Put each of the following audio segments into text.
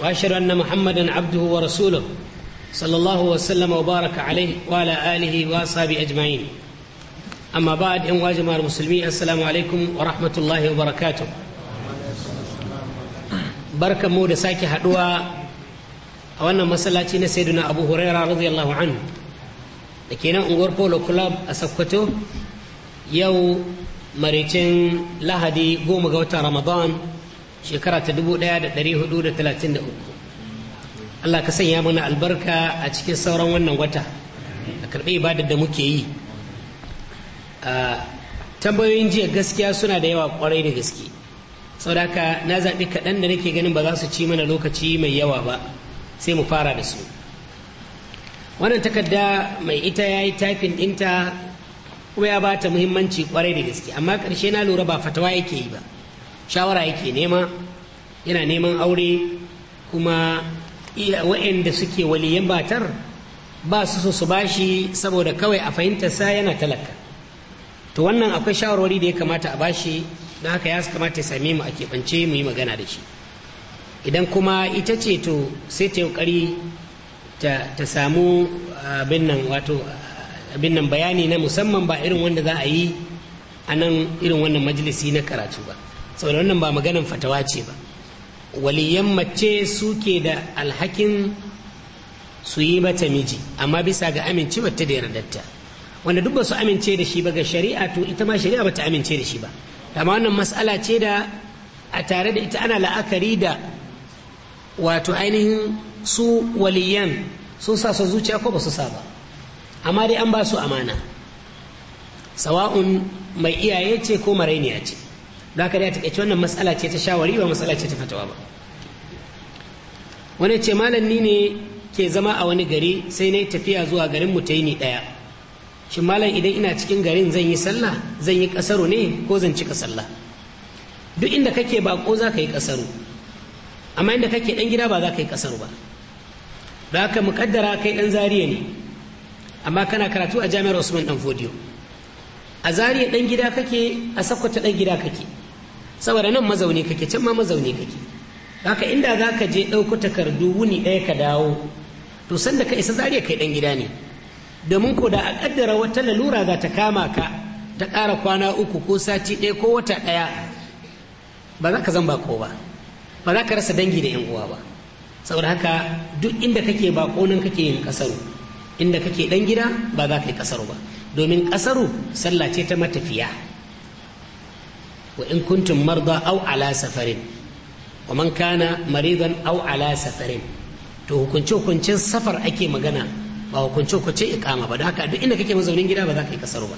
واشهد ان محمدا عبده ورسوله صلى الله وسلم وبارك عليه وعلى اله واصحابه اجمعين اما بعد ان واجمع المسلمين السلام عليكم ورحمه الله وبركاته بركه مو ساكي حدوا a wannan masallaci na sayyiduna abu huraira radiyallahu anhu da ke nan unguwar polo club a sakkwato yau maricin lahadi goma ga watan ramadan shekara ta dubu ɗaya da da da hudu talatin uku Allah ka sanya mana albarka a cikin sauran wannan wata a karɓi ibadar da muke yi tambayoyin jiya gaskiya suna da yawa kwarai da gaske sau haka na zaɓi kaɗan da nake ganin ba za su ci mana lokaci mai yawa ba sai mu fara da su wannan takarda mai ita ya yi taifin ɗinta kuma ya ba ta muhimmanci kwarai da gaske amma ƙarshe na lura ba fatawa yake yi ba shawara yake nema yana neman aure kuma waɗanda suke waliyan batar ba su so su bashi saboda kawai a fahimtarsa yana talaka to wannan akwai shawarwari da ya kamata a bashi don haka ya kamata ya same mu a keɓance mu yi magana da shi idan kuma ita ce to sai ta yi ta samu abin nan abin nan bayani na musamman ba irin wanda za a yi a nan irin wannan majalisi na karatu ba saboda wannan ba maganin fatawa ce ba waliyan mace suke da alhakin su yi mata miji amma bisa ga amince wata da yardarta wanda duk ba su amince da shi ba ga shari'a to ita ma shari'a bata amince da shi ba amma wannan mas'ala ce da a tare da ita ana la'akari da wato ainihin su waliyan sun sa su zuciya ko ba su sa ba amma dai an ba su amana sawa'un mai iyaye ce ko marainiya ce da haka dai a takaice wannan matsala ce ta shawari ba matsala ce ta fatawa ba wani ce malam ni ne ke zama a wani gari sai na tafiya zuwa garin mu ta ɗaya shi malam idan ina cikin garin zan yi sallah zan yi kasaro ne ko zan cika sallah duk inda kake bako za ka yi kasaro amma inda kake dan gida ba za ka yi kasaro ba da haka mukaddara kai dan zariya ne amma kana karatu a jami'ar usman dan fodiyo a zariya dan gida kake a sakwata dan gida kake saboda nan mazauni kake can ma mazauni kake haka inda za ka je ɗauko takardu wuni ɗaya ka dawo to sanda ka isa zariya kai ɗan gida ne domin ko da a ƙaddara wata lalura za ta kama ka ta ƙara kwana uku ko sati ɗaya ko wata ɗaya ba za ka zan bako ba ba za ka rasa dangi da 'yan uwa ba saboda haka duk inda kake bako nan kake yin kasaru inda kake ɗan gida ba za ka yi kasaru ba domin kasaru sallah ce ta matafiya wa in kuntum marda aw ala safarin wa man kana maridan aw ala safarin to hukunce hukuncin safar ake magana ba hukunce hukunce ikama ba da haka duk inda kake mazaunin gida ba za ka yi kasar ba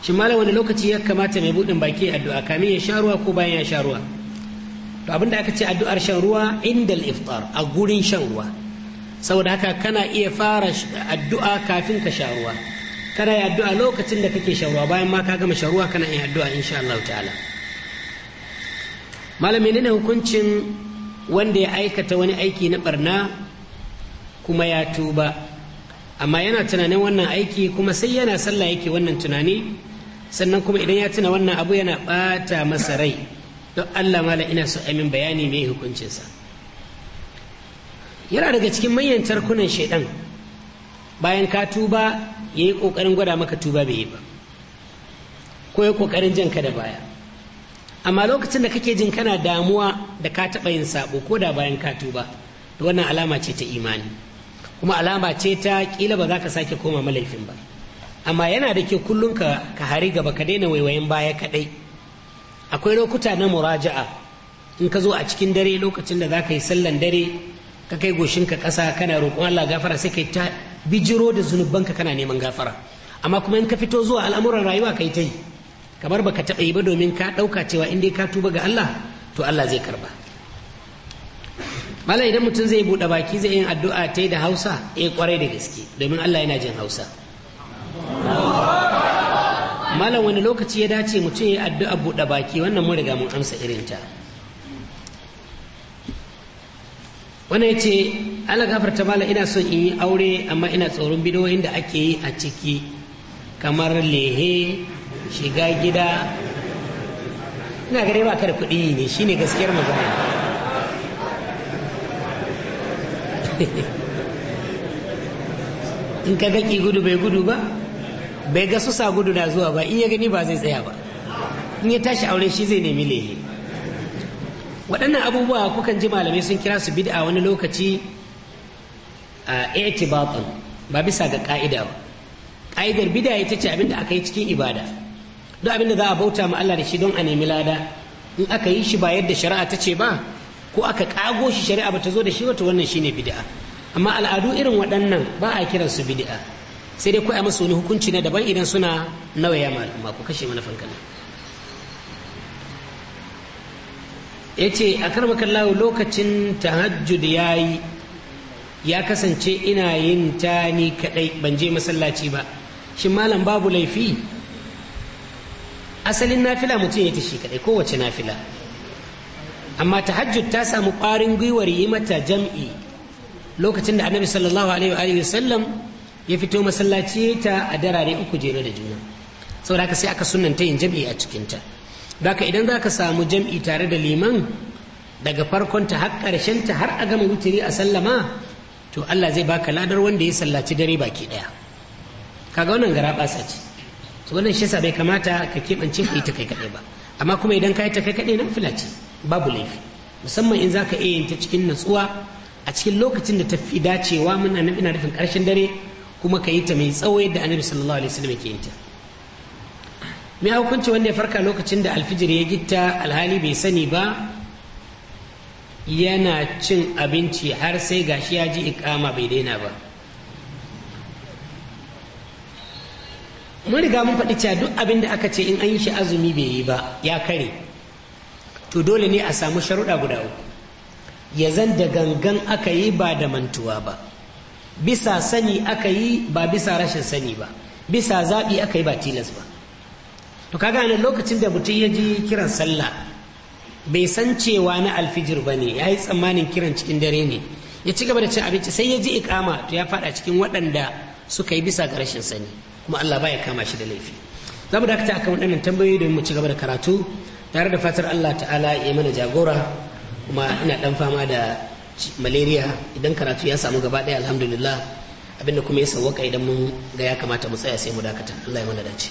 shin malam wani lokaci ya kamata mai budin baki addu'a kamin ya sha ruwa ko bayan ya sha ruwa to abinda aka ce addu'ar shan ruwa inda iftar a gurin shan ruwa saboda haka kana iya fara addu'a kafin ka sha ruwa kana yi addu'a lokacin da kake sharuwa bayan ma ka gama sharuwa kana yin addu'a insha Allah ta'ala ne ne hukuncin wanda ya aikata wani aiki na barna kuma ya tuba amma yana tunanin wannan aiki kuma sai yana sallah yake wannan tunani sannan kuma idan ya tuna wannan abu yana bata masa rai don Allah mala ina so amin bayani mai hukuncinsa yana daga cikin manyan tarkunan shaidan bayan ka tuba ya yi ƙoƙarin gwada maka tuba bai yi ba ko ya ƙoƙarin jan ka da baya amma lokacin da kake jin kana damuwa da ka taɓa yin saɓo ko da bayan ka tuba da wannan alama ce ta imani kuma alama ce ta ƙila ba za ka sake koma malaifin ba amma yana da kyau kullum ka ka hari gaba ka daina waiwayen baya kaɗai akwai lokuta na muraja'a in ka zo a cikin dare lokacin da za ka yi sallan dare ka kai goshin ka ƙasa kana roƙon Allah gafara sai ka bijiro da zunubanka kana neman gafara amma kuma in ka fito zuwa al'amuran rayuwa kai ta yi kamar baka taɓa yi ba domin ka ɗauka cewa in dai ka tuba ga Allah to Allah zai karba mala idan mutum zai buɗe baki zai yin addu'a ta da hausa eh kwarai da gaske domin Allah yana jin hausa malam wani lokaci ya dace mutum ya addu'a buɗe baki wannan mun riga mun amsa irinta wannan ya ce ala gafarta mala ina son in yi aure amma ina tsoron bidoyin da ake yi a ciki kamar lehe shiga gida ina gare ba ka kuɗi ne shine gaskiyar magana in ka gaki gudu bai gudu ba bai ga susa gudu na zuwa ba in ya gani ba zai tsaya ba in ya tashi aure shi zai nemi lehe waɗannan abubuwa kukan ji malamai sun kira su bid'a wani lokaci i'tibatan ba bisa ga ka'ida ba ka'idar bid'a ita ce abinda aka yi cikin ibada duk abinda za a bauta ma Allah da shi don a nemi lada in aka yi shi ba yadda shari'a ta ce ba ko aka kago shi shari'a ba ta zo da shi wata wannan shine bid'a amma al'adu irin waɗannan ba a kiran su bid'a sai dai a musu wani hukunci na daban idan suna nawaya ma ku kashe mana fanka yace a karbakan lawo lokacin tahajjud yayi ya kasance ina yin ta ni kaɗai ban je masallaci ba shi malam babu laifi asalin nafila mutum ya ta shi kaɗai kowace nafila amma tahajjud ta samu ƙwarin gwiwar yi mata jam'i lokacin da annabi sallallahu alaihi wa sallam ya fito masallaci ta a darare uku jere da juna saboda haka sai aka sunanta yin jam'i a cikinta baka idan za ka samu jam'i tare da liman daga farkonta har ta har a gama wuturi a sallama to Allah zai baka ladar wanda ya sallaci dare baki daya kaga wannan gara basa ce to wannan shi bai kamata ka keɓance ka yi ta kai kaɗai ba amma kuma idan ka yi ta kai kaɗai nan fila babu laifi musamman in zaka ka iya yin ta cikin natsuwa a cikin lokacin da ta fi dacewa muna nan ina nufin karshen dare kuma ka yi ta mai tsawo yadda annabi sallallahu alaihi wasallam yake yin ta me hukunci wanda ya farka lokacin da alfijir ya gitta alhali bai sani ba yana cin abinci har sai gashi ya ji ikama bai daina ba mun riga mun faɗi cewa duk abin da aka ce in an yi shi azumi bai yi ba ya kare to dole ne a samu sharuɗa guda uku ya zan da gangan aka yi ba da mantuwa ba bisa sani aka yi ba bisa rashin sani ba bisa zaɓi aka yi ba tilas ba to kaga lokacin da mutum ya ji kiran sallah bai san cewa na alfijir ba ne ya yi tsammanin kiran cikin dare ne ya ci gaba da cin abinci sai ya ji ikama to ya fada cikin waɗanda suka yi bisa ga rashin sani kuma Allah baya kama shi da laifi za mu dakata akan waɗannan tambayoyi domin mu ci gaba da karatu tare da fatar Allah ta'ala ya mana jagora kuma ina dan fama da malaria idan karatu ya samu gaba ɗaya alhamdulillah abinda kuma ya sauwaka idan mun ga ya kamata mu tsaya sai mu dakata Allah ya mana dace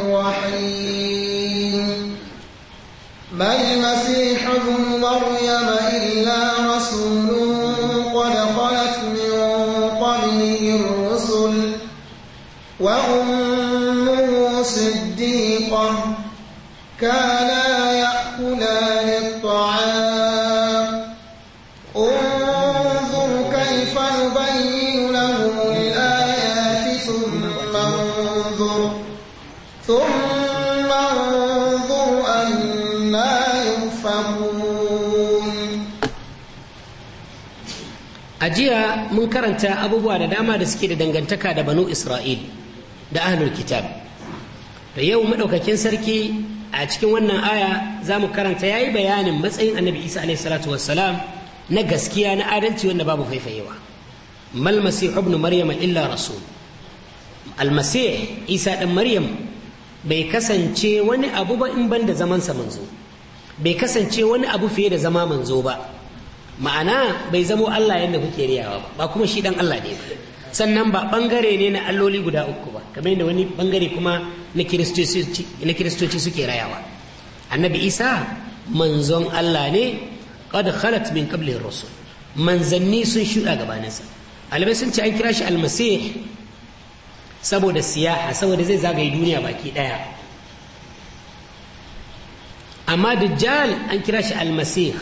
a jiya mun karanta abubuwa da dama da suke da dangantaka da banu isra'il da ahlul kitab da yau maɗaukakin sarki a cikin wannan aya za mu karanta ya yi bayanin matsayin annabi isa alaihi salatu wassalam na gaskiya na adalci wanda babu faifayewa mal masih ibn maryam illa rasul al masih isa dan maryam bai kasance wani abu ba in ban da zamansa manzo bai kasance wani abu fiye da zama manzo ba ma'ana bai zamo Allah yadda kuke riyawa ba ba kuma shi dan Allah ne sannan ba bangare ne na alloli guda uku ba kamar yadda wani bangare kuma na kiristoci suke rayawa annabi isa manzon Allah ne qad khalat min qabli rusul manzanni sun shuɗa sa albai sun ce an kira shi almasih saboda siyaha saboda zai zagaye duniya baki ɗaya amma dajjal an kira shi almasih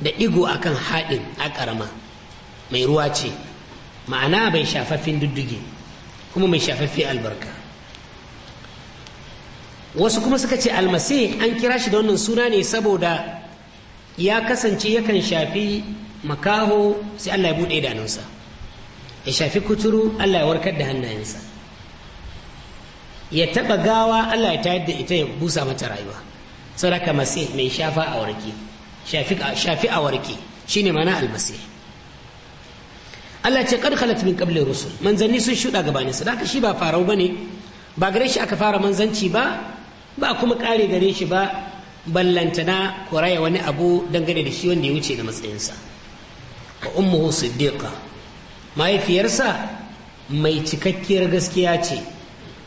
da ɗigo akan haɗin a ƙarama mai ruwa ce ma'ana bai shafaffin dudduge kuma mai shafaffe albarka wasu kuma suka ce almasi an kira shi da wannan suna ne saboda ya kasance yakan shafi makaho sai allah ya buɗe idanunsa ya shafi kuturu allah ya warkar da hannayensa ya taɓa gawa allah ya tayar da ita ya busa mata rayuwa saboda ka mai shafa a warke shafi a warke ne mana almasih Allah ce kad khalat min qabli rusul manzanni sun shuda gabanin su haka shi ba farau bane ba gare shi aka fara manzanci ba ba kuma kare gare shi ba ballantana koraya wani abu dangane da shi wanda ya wuce da matsayinsa wa ummuhu siddiqa mahaifiyarsa mai cikakkiyar gaskiya ce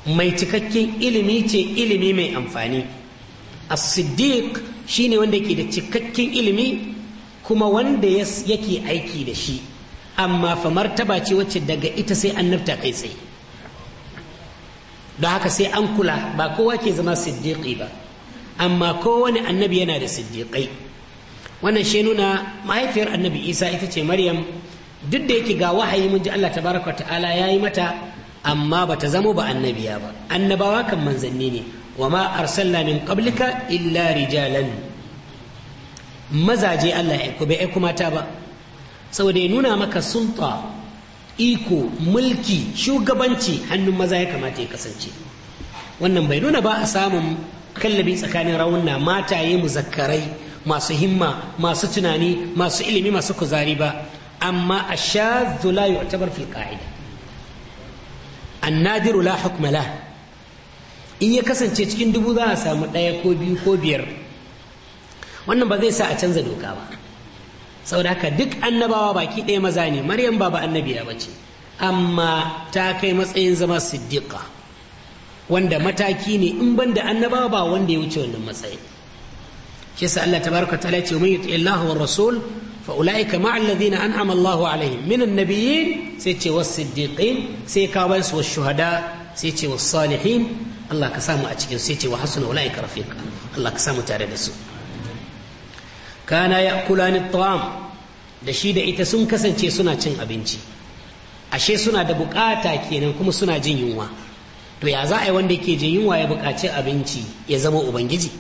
mai cikakken ilimi ce ilimi mai amfani as-siddiq Shi ne wanda yake da cikakken ilimi kuma wanda yake aiki da shi amma fa martaba ce wacce daga ita sai nafta kai tsaye don haka sai an kula ba kowa ke zama siddiqi ba amma kowane annabi yana da siddiqai wannan shi nuna mahaifiyar annabi isa ita ce maryam duk da yake ga wahayi mun ji allah tabaraka ta'ala ya yi mata amma ba ta zamo ba annabiya ba annabawa kan manzanni ne wa ma arsalna min qablika illa rijalan mazaje Allah ya aiko bai aiko mata ba saboda ya nuna maka sulta iko mulki shugabanci hannun maza ya kamata ya kasance wannan bai nuna ba a samun kallabi tsakanin raunna mataye muzakkarai masu himma masu tunani masu ilimi masu kuzari ba amma ashadhu la yu'tabar fil qa'ida annadiru la hukma in ya kasance cikin dubu za a samu ɗaya ko biyu ko biyar wannan ba zai sa a canza doka ba da haka duk annabawa baki ɗaya maza ne maryam ba ba annabiya ba ce amma ta kai matsayin zama siddiƙa wanda mataki ne in ban da annabawa ba wanda ya wuce wannan matsayi shi yasa Allah tabaraka ta'ala ce man yuti Allah wa rasul fa ulaika ma'a alladhina an'ama Allah alaihim min an-nabiyyin sai ce was-siddiqin sai kawansu was-shuhada sai ce was-salihin Allah ka samu a cikin sai ce wa hasuna ka rafiqa Allah ka samu tare da su kana kula at-ta'am da shi da ita sun kasance suna cin abinci ashe suna da bukata kenan kuma suna jin yunwa to ya za a yi wanda ke jin yunwa ya bukaci abinci ya zama ubangiji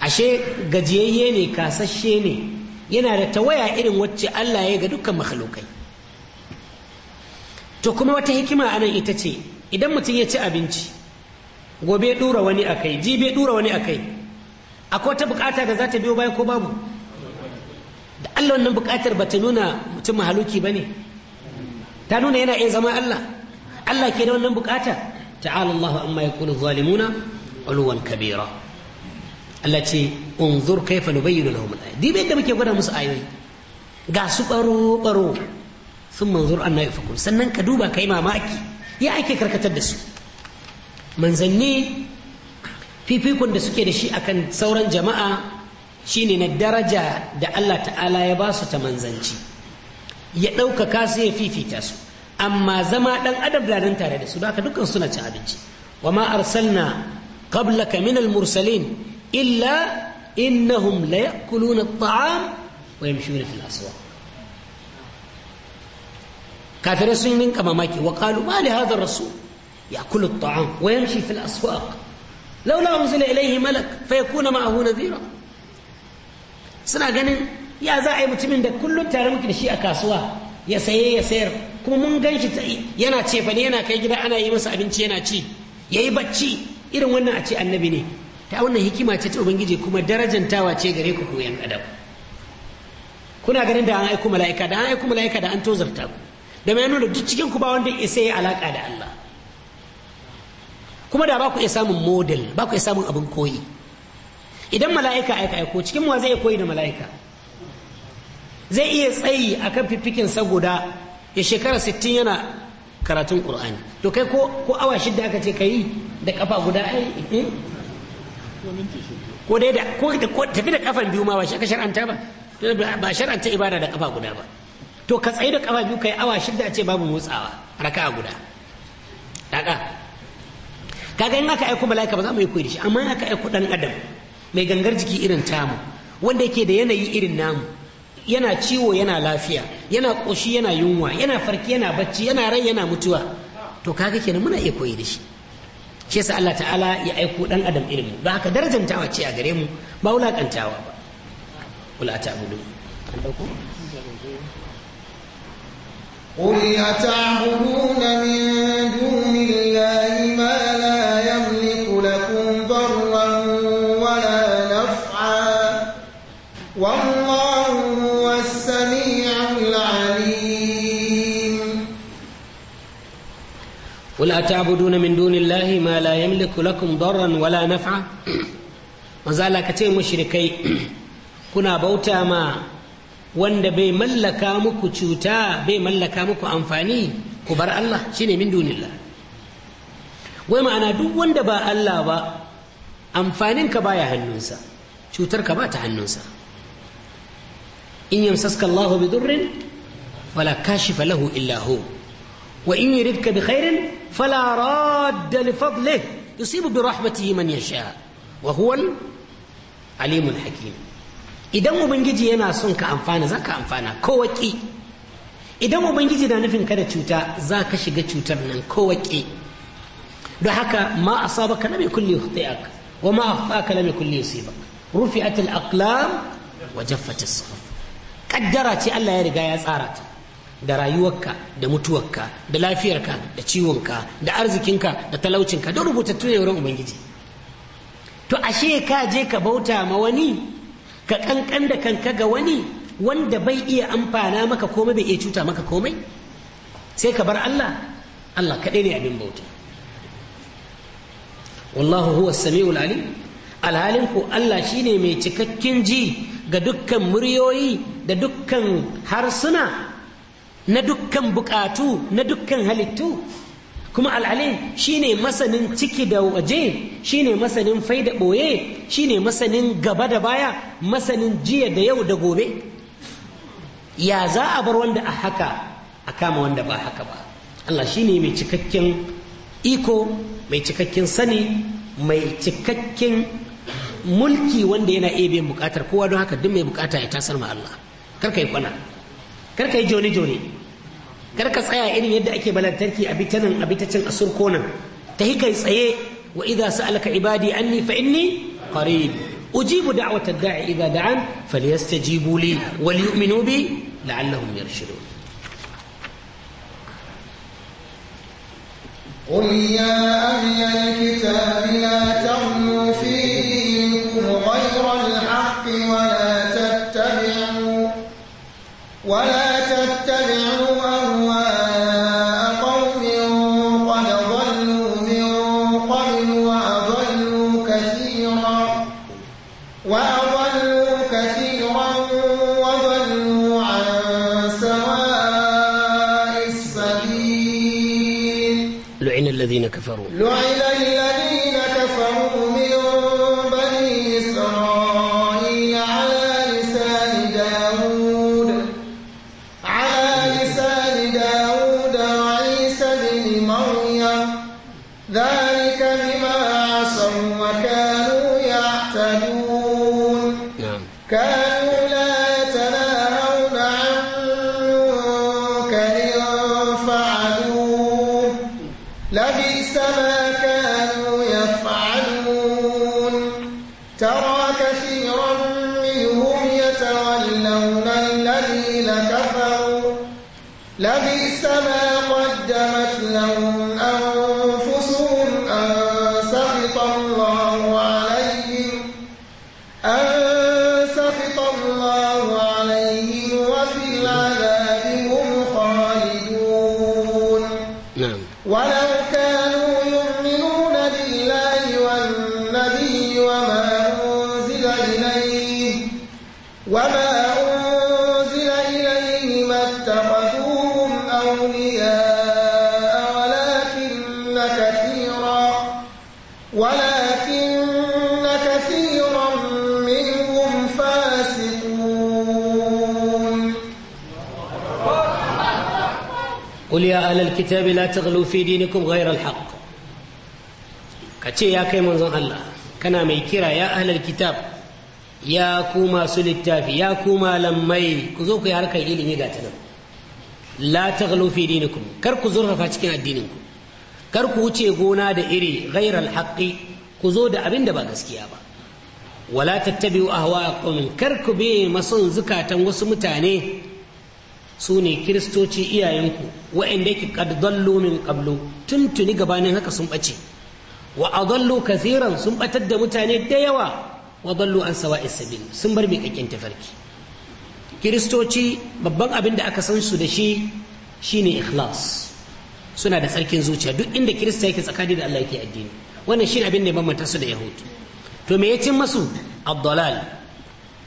ashe gajiyayye ne kasashe ne yana da tawaya irin wacce Allah ya ga dukkan makhlukai to kuma wata hikima anan ita ce idan mutum ya ci abinci gobe dura wani a akai jibe dura wani a kai akwai wata bukata da za ta biyo baya ko babu da Allah wannan bukatar ba ta nuna mutum mahaluki ba ne ta nuna yana iya zama Allah Allah ke da wannan bukata ta'ala Allah amma ya kulu zalimuna ulwan kabira Allah ce unzur kaifa nubayyinu lahum al-ayat dibe da muke gwada musu ayoyi ga su baro baro sun manzur anna yafakun sannan ka duba kai mamaki ya ake karkatar da su manzanni fifikon da suke da shi akan sauran jama'a shine na daraja da Allah ta'ala ya ba su ta manzanci ya ɗaukaka su ya fifita su amma zama ɗan adam ladan tare da su haka dukkan suna cin abinci wa ma arsalna qablaka min al-mursalin illa innahum la ya'kuluna at-ta'am wa yamshuna fil aswaq kafirai sun ninka mamaki wa qalu ma li hadha ar-rasul يأكل الطعام ويمشي في الأسواق لولا أنزل إليه ملك فيكون معه نذيرا suna ganin ya za a yi mutumin da kullun tare muke da shi a kasuwa ya saye ya sayar kuma mun gan shi yana cefa ne yana kai gida ana yi masa abinci yana ci ya yi bacci irin wannan a ce annabi ne ta wannan hikima ce ta ubangiji kuma darajan tawa ce gare ku koyan adam kuna ganin da an aiko mala'ika da an aiko mala'ika da an tozarta ku da mai nuna duk cikin ku ba wanda ya isa ya alaka da Allah kuma da ba ku iya samun model ba ku iya samun abin koyi idan mala'ika aika aiko cikin wa zai koyi da mala'ika zai iya tsayi akan fifikin saboda ya shekara 60 yana karatun qur'ani to kai ko awa shidda aka ce kai da kafa guda ai eh? ko dai da ko tafi da kafan biyu ma ba shi aka shar'anta ba ba shar'anta ibada da kafa guda ba to ka tsayi da kafa biyu kai awa shidda a ce babu motsawa raka'a guda daga kaga in aka aiko mala'ika ba za mu yi koyi da shi amma in aka aiko dan adam mai gangar jiki irin tamu wanda yake da yanayi irin namu yana ciwo yana lafiya yana ƙoshi yana yunwa yana farki yana bacci yana rai yana mutuwa to kaga kenan muna iya koyi da shi shi yasa Allah ta'ala ya aiko dan adam irin mu ba haka ta ce a gare mu ba wulakantawa ba wala ta an قل أتعبدون من أتعبدون من دون الله ما لا يملك لكم ضرا ولا نفعا Maza ka ce kuna bauta ma wanda bai mallaka muku cuta bai mallaka muku amfani ku bar Allah shine min dunillah wai ma'ana duk wanda ba Allah ba amfaninka baya hannunsa cutarka ba ta hannunsa in yamsaska Allahu bi durrin wala kashifa lahu illa hu wa in yuridka bi khairin فلا راد لفضله يصيب برحمته من يشاء وهو العليم الحكيم idan ubangiji yana son ka amfana za ka amfana kowaƙi idan ubangiji na nufin ka da cuta za ka shiga cutar nan kowaƙi don haka ma a saba ka lame kulle hutai'ak wa ma a ka lame kulle yusibak rufi atil aqlam wa jaffata sahuf kaddara ce Allah ya riga ya tsara ta da rayuwarka da mutuwarka da lafiyarka da ciwonka da arzikinka da talaucinka don rubutattu ne wurin ubangiji to ashe ka je ka bauta ma wani ka kankan da kanka ga wani wanda bai iya amfana maka komai bai iya cuta maka komai sai ka bar Allah Allah kaɗai ne abin bauta wallahu huwa sami'ul alim alhalin ku Allah shine mai cikakken ji ga dukkan muryoyi da dukkan harsuna na dukkan bukatu na dukkan halittu kuma al'alim shine masanin ciki da waje shine masanin fai da ɓoye shine masanin gaba da baya masanin jiya da yau da gobe ya za a bar wanda a haka a kama wanda ba haka ba Allah shine mai cikakken iko mai cikakken sani mai cikakken mulki wanda yana iya biyan bukatar kowa don haka duk mai bukata ya tasar ma Allah kar ka yi kwana kar ka yi jone jone kar ka tsaya irin yadda ake balantarki a bitanin a bitacin a surkonan ta hi kai tsaye wa idza sa'alaka ibadi anni fa inni qarib ujibu da'wata da'i idza da'an falyastajibu li wal yu'minu bi la'allahum yarshudun قل يا أهل الكتاب لا تغلوا No hay الكتاب لا تغلوا في دينكم غير الحق كتي يا كي منزل الله كنا ميكرا يا أهل الكتاب يا كوما سلتافي يا كوما لمي كذوك يا ركا إلي ميقاتنا لا تغلوا في دينكم كركو زرها فاتكين الدينكم كركو وچه قونا دا إري غير الحق كذو دا أبين دا باقسكيا با ولا تتبعوا أهواء قوم كركو بي مصن زكاة وسمتاني su ne kiristoci iyayenku wa'inda yake kad dallu min qablu tuntuni gabanin haka sun bace wa adallu sun batar da mutane da yawa wa dallu an sun bar miƙaƙƙen tafarki kiristoci babban abin da aka san su da shi shine ikhlas suna da tsarkin zuciya duk inda kirista yake tsakani da Allah yake addini wannan shine abin da ya bambanta su da yahudu to me ya cin masu abdalal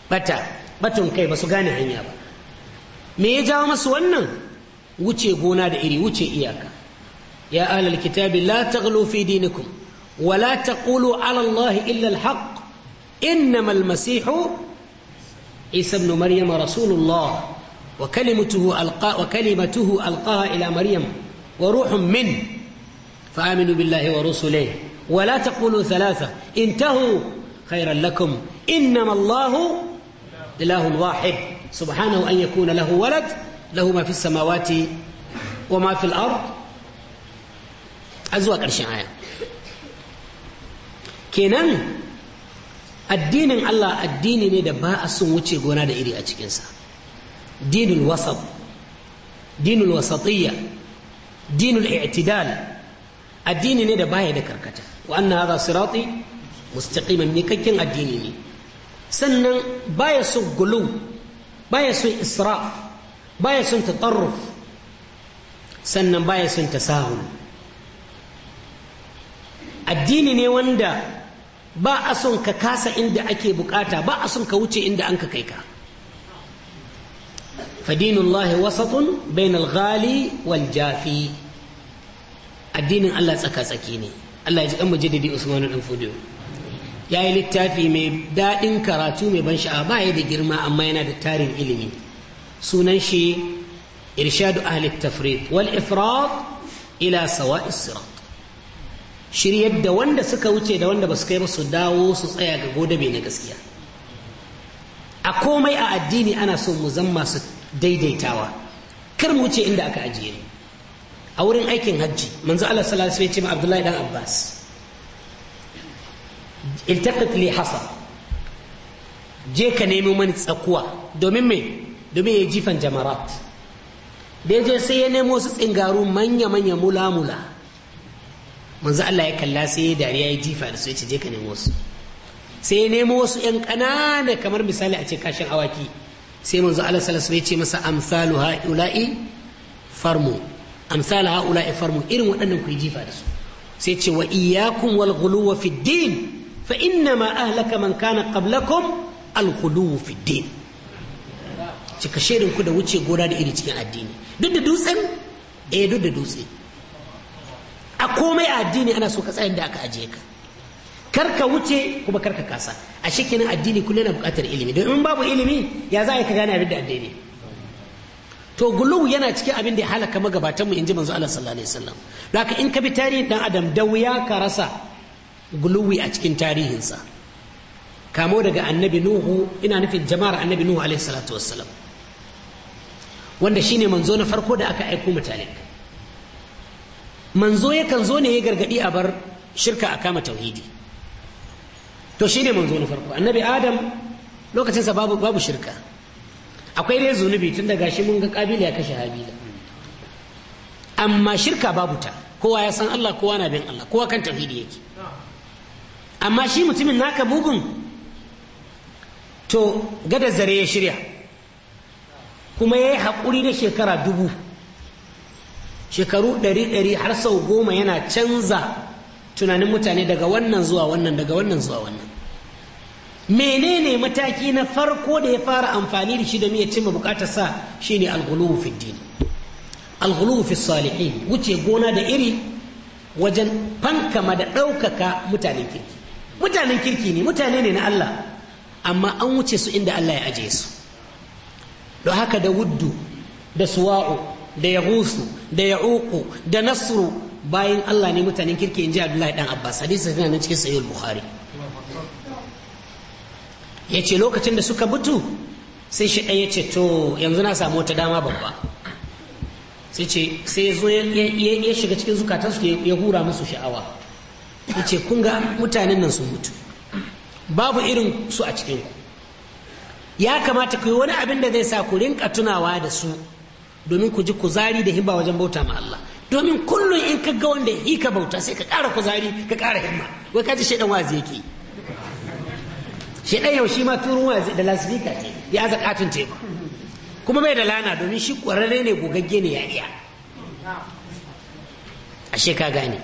bata batun kai ba su gane hanya ba me ya jawo masu wannan wuce gona da iri wuce iyaka ya alal kitabi la taghlu fi dinikum wa la taqulu ala Allah illa al-haq innama al Isa ibn Maryam rasulullah wa kalimatuhu alqa wa kalimatuhu alqaha ila Maryam wa ruhun min fa aminu billahi wa rusulihi wa la taqulu thalatha intahu khayran lakum innama Allah ilahun wahid سبحانه أن يكون له ولد له ما في السماوات وما في الأرض أزواج الشعاية kenan addinin Allah addini ne da ba a son wuce gona da iri a cikinsa dinul wasat dinul wasatiyya dinul i'tidal addini ne da baya da karkata wa anna hadha sirati mustaqiman ne kakkin addini ne sannan baya son gulu baya son israf baya son tatarruf sannan baya son tasahul addini ne wanda ba a son ka kasa inda ake bukata ba a son ka wuce inda an ka kai ka fadinullahi wasatun bainal ghali wal jafi addinin Allah tsaka-tsaki ne Allah ya ji dan mujaddidi Usman dan Fudiyo ya yi littafi mai daɗin karatu mai ban sha'a ba ya da girma amma yana da tarin ilimi sunan shi irshadu ahli tafrid wal ifrat ila sawa'is sirat shiryar da wanda suka wuce da wanda ba su kai ba su dawo su tsaya ga mai na gaskiya a komai a addini ana so mu zan masu daidaitawa kar mu wuce inda aka ajiye a wurin aikin hajji manzo Allah sallallahu alaihi wasallam ce ma Abdullahi dan Abbas iltaqit li hasan je ka nemi mani tsakuwa domin me domin ya jifan jamarat da ya je sai ya nemo su tsingaru manya-manya mula-mula manzu Allah ya kalla sai ya dariya ya jifa da su ya ce je ka nemo su sai ya nemo wasu 'yan ƙanana kamar misali a ce kashin awaki sai manzu Allah sallallahu ya ce masa amsalu haula'i farmo amsalu haula'i farmo irin waɗannan ku jifa da su sai ce wa iyyakum kun ghuluwa wa din fa inna ma ahlaka man kana qablakum alhudu fi din cika shirin ku da wuce gona da iri cikin addini duk da dutsen eh duk da dutse a komai a addini ana so ka tsayin da aka ajiye ka kar ka wuce kuma kar ka kasa a shekinan addini kullum yana buƙatar ilimi in babu ilimi ya za ka gane abin da addini to gulu yana cikin abin da ya halaka magabatan mu in ji manzo Allah sallallahu alaihi wasallam haka in ka bi tarihin dan adam da wuya ka rasa guluwi a cikin tarihinsa kamo daga annabi nuhu ina nufin jama'ar annabi nuhu alaihi salatu wassalam wanda shine manzo na farko da aka aiko mutane manzo yakan zo ne ya gargadi a bar shirka a kama tauhidi to shine manzo na farko annabi adam lokacinsa babu babu shirka akwai dai zunubi tun daga shi mun ga kabila ya kashe habila amma shirka babu ta kowa ya san Allah kowa na bin Allah kowa kan tauhidi yake amma shi mutumin naka bugun to gada zare ya shirya kuma ya yi haƙuri na shekara dubu shekaru ɗari ɗari har sau goma yana canza tunanin mutane daga wannan zuwa wannan daga wannan zuwa wannan menene mataki na farko da ya fara amfani da shi da ya cimma bukatar sa shine ne fi din fi salihin wuce gona da iri wajen fankama da ɗaukaka mutanen kirki mutanen kirki ne mutane ne na Allah amma an wuce su inda Allah ya aje su don haka da wuddu da suwa'u da yahusu da ya'uku da nasru bayan Allah ne mutanen kirki inji Abdullahi dan Abbas hadisi yana nan cikin sahih Bukhari yace lokacin da suka mutu sai shi ɗaya ce to yanzu na samu wata dama babba sai ce sai ya shiga cikin zukatansu ya hura musu sha'awa ya ce kun ga mutanen nan sun mutu babu irin su a cikin ya kamata ku yi wani abin da zai sa ku rinka tunawa da su domin ku ji kuzari da himma wajen bauta ma Allah domin kullum in ka ga wanda yi ka bauta sai ka ƙara kuzari ka ƙara himma wai ka ji shaidan wazi yake shaidan yau shi ma turun wazi da lasifika ce ya zakatun teku kuma bai da lana domin shi ƙwararre ne gogagge ne ya iya ashe ka gane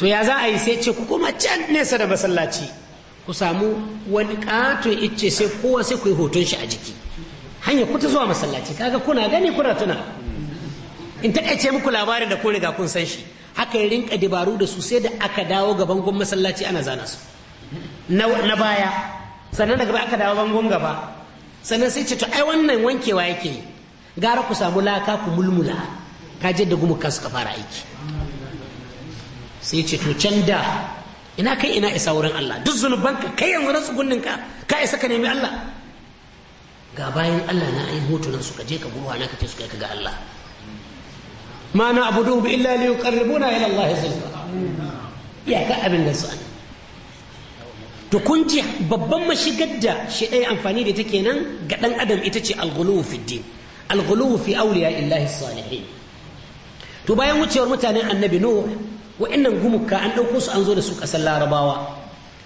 to ya za a yi sai ce ku kuma can nesa da masallaci ku samu wani katon icce sai kowa sai ku yi hoton shi a jiki hanya kuta zuwa masallaci kaga kuna gani kuna tuna in takaice muku labarin da ko ga kun san shi haka ya rinka dabaru da su sai da aka dawo ga bangon masallaci ana zana su na baya sannan daga aka dawo bangon gaba sannan sai ce to ai wannan wankewa yake gara ku samu laka ku mulmula ka da gumuka suka fara aiki sai ce to can da ina kai ina isa wurin Allah duk zunubanka kai yanzu na tsugunninka ka isa ka nemi Allah ga bayan Allah na ayi hotunan suka je ka gurwa na kace suka kai ga Allah ma na abudu bi illa li yuqarribuna ila Allah zulfa ya ka abin da su an to kun ji babban mashigar da shi ɗaya amfani da ita nan ga ɗan adam ita ce alghuluwu fi din alghuluwu fi awliya illahi salihin to bayan wucewar mutanen annabi nuh wa'annan gumuka an ɗauko su an zo da su ƙasar larabawa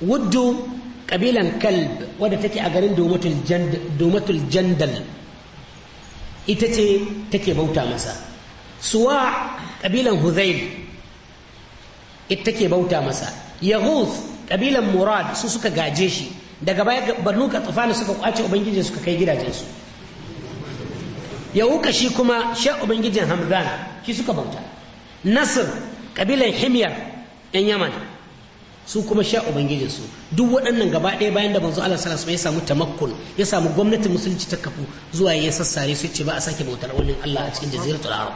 wuddu ƙabilan kalb wadda take a garin domatul jandal ita ce take bauta masa suwa ƙabilan huzail ita take bauta masa yahuth ƙabilan murad su suka gaje shi daga baya banu ka tsufani suka kwace ubangiji suka kai gidajensu yahuka shi kuma sha ubangijin hamzan shi suka bauta nasir kabilan himyar yan yaman su kuma sha su duk waɗannan gaba ɗaya bayan da manzo Allah sallallahu alaihi wasallam ya samu tamakkun ya samu gwamnatin musulunci ta kafu zuwa ya sassare su ce ba a sake bautar wannan Allah a cikin jaziratul arab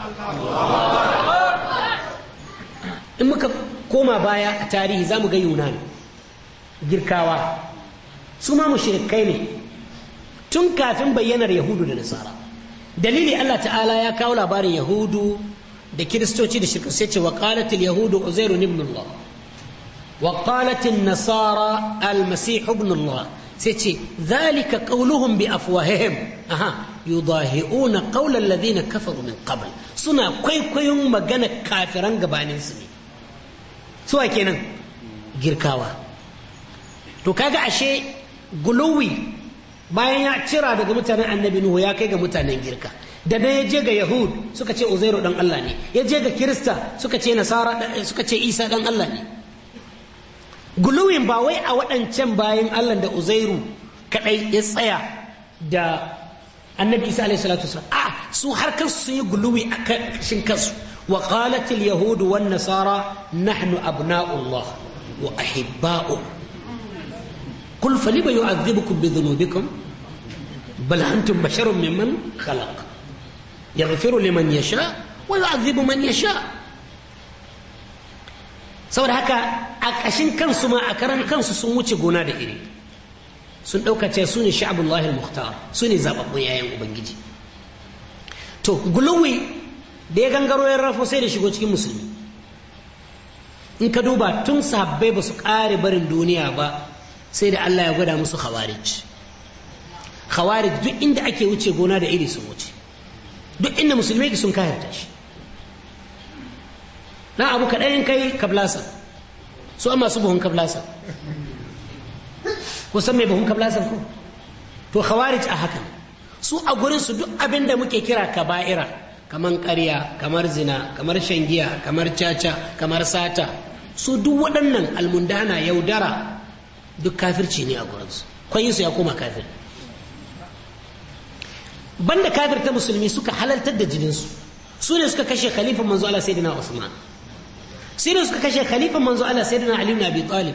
in muka koma baya a tarihi za mu ga yunan girkawa su ma mushrikai ne tun kafin bayyanar yahudu da nasara dalili Allah ta'ala ya kawo labarin yahudu da kiristoci da shirka sai ce wa qalatil yahudu uzairu ibn Allah wa qalatil nasara al-masih ibn Allah sai ce zalika qawluhum bi afwahihim aha yudahi'una qawla alladhina kafaru min qabl suna kwaikwayon magana kafiran gabanin su ne suwa kenan girkawa to kaga ashe guluwi bayan ya cira daga mutanen annabi nuhu ya kai ga mutanen girka da na ya je ga yahud suka ce uzairu dan Allah ne ya je ga kirista suka ce nasara suka ce isa dan Allah ne guluwin ba wai a waɗancan bayan Allah da uzairu kadai ya tsaya da annabi isa alaihi salatu a su har kansu sun yi guluwi a kashin kansu wa qalat yahud wan nasara nahnu abna'ullah wa ahibba'u قل فلم يعذبكم بذنوبكم بل أنتم بشر ممن خلق yaghfiru liman yasha wa yu'adhibu man saboda haka a ƙashin kansu ma a karan kansu sun wuce gona da iri sun ɗauka ce su ne sha'abullahi muhtar su ne zaɓaɓɓun yayan ubangiji to guluwi da ya gangaro ya rafo sai da shigo cikin musulmi in ka duba tun sahabbai ba su ƙare barin duniya ba sai da Allah ya gwada musu khawarij khawarij duk inda ake wuce gona da iri sun wuce duk inda musulmi ki sun kayarta shi na abu in kai kablasa su amma su buhun kablasa ko san mai buhun kablasa ko to khawarij a hakan su a gurin su duk abin da muke kira kaba'ira kamar ƙarya kamar zina kamar shangiya kamar caca kamar sata su duk waɗannan almundana yaudara duk kafirci ne a gurinsu kwanyinsu su ya koma kafirci banda kafirta musulmi suka halaltar da jininsu su ne suka kashe khalifan manzo Allah sayyidina Usman su ne suka kashe khalifan manzo Allah sayyidina Ali ibn Abi Talib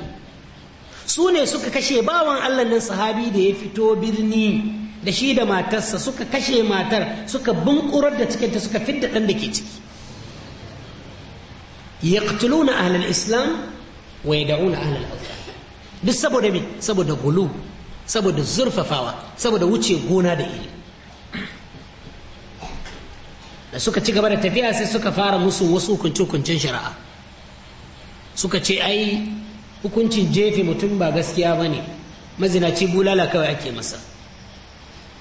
su ne suka kashe bawan Allah nan sahabi da ya fito birni da shi da matarsa suka kashe matar suka bunkurar da cikinta suka fidda dan da ke ciki yaqtuluna ahlal islam wa yad'una ahlal awthan duk saboda me saboda gulu saboda zurfafawa saboda wuce gona da iri da suka ci gaba da tafiya sai suka fara musu wasu hukunce-hukuncen shari'a suka ce ai hukuncin jefe mutum ba gaskiya ba ne mazinaci bulala kawai ake masa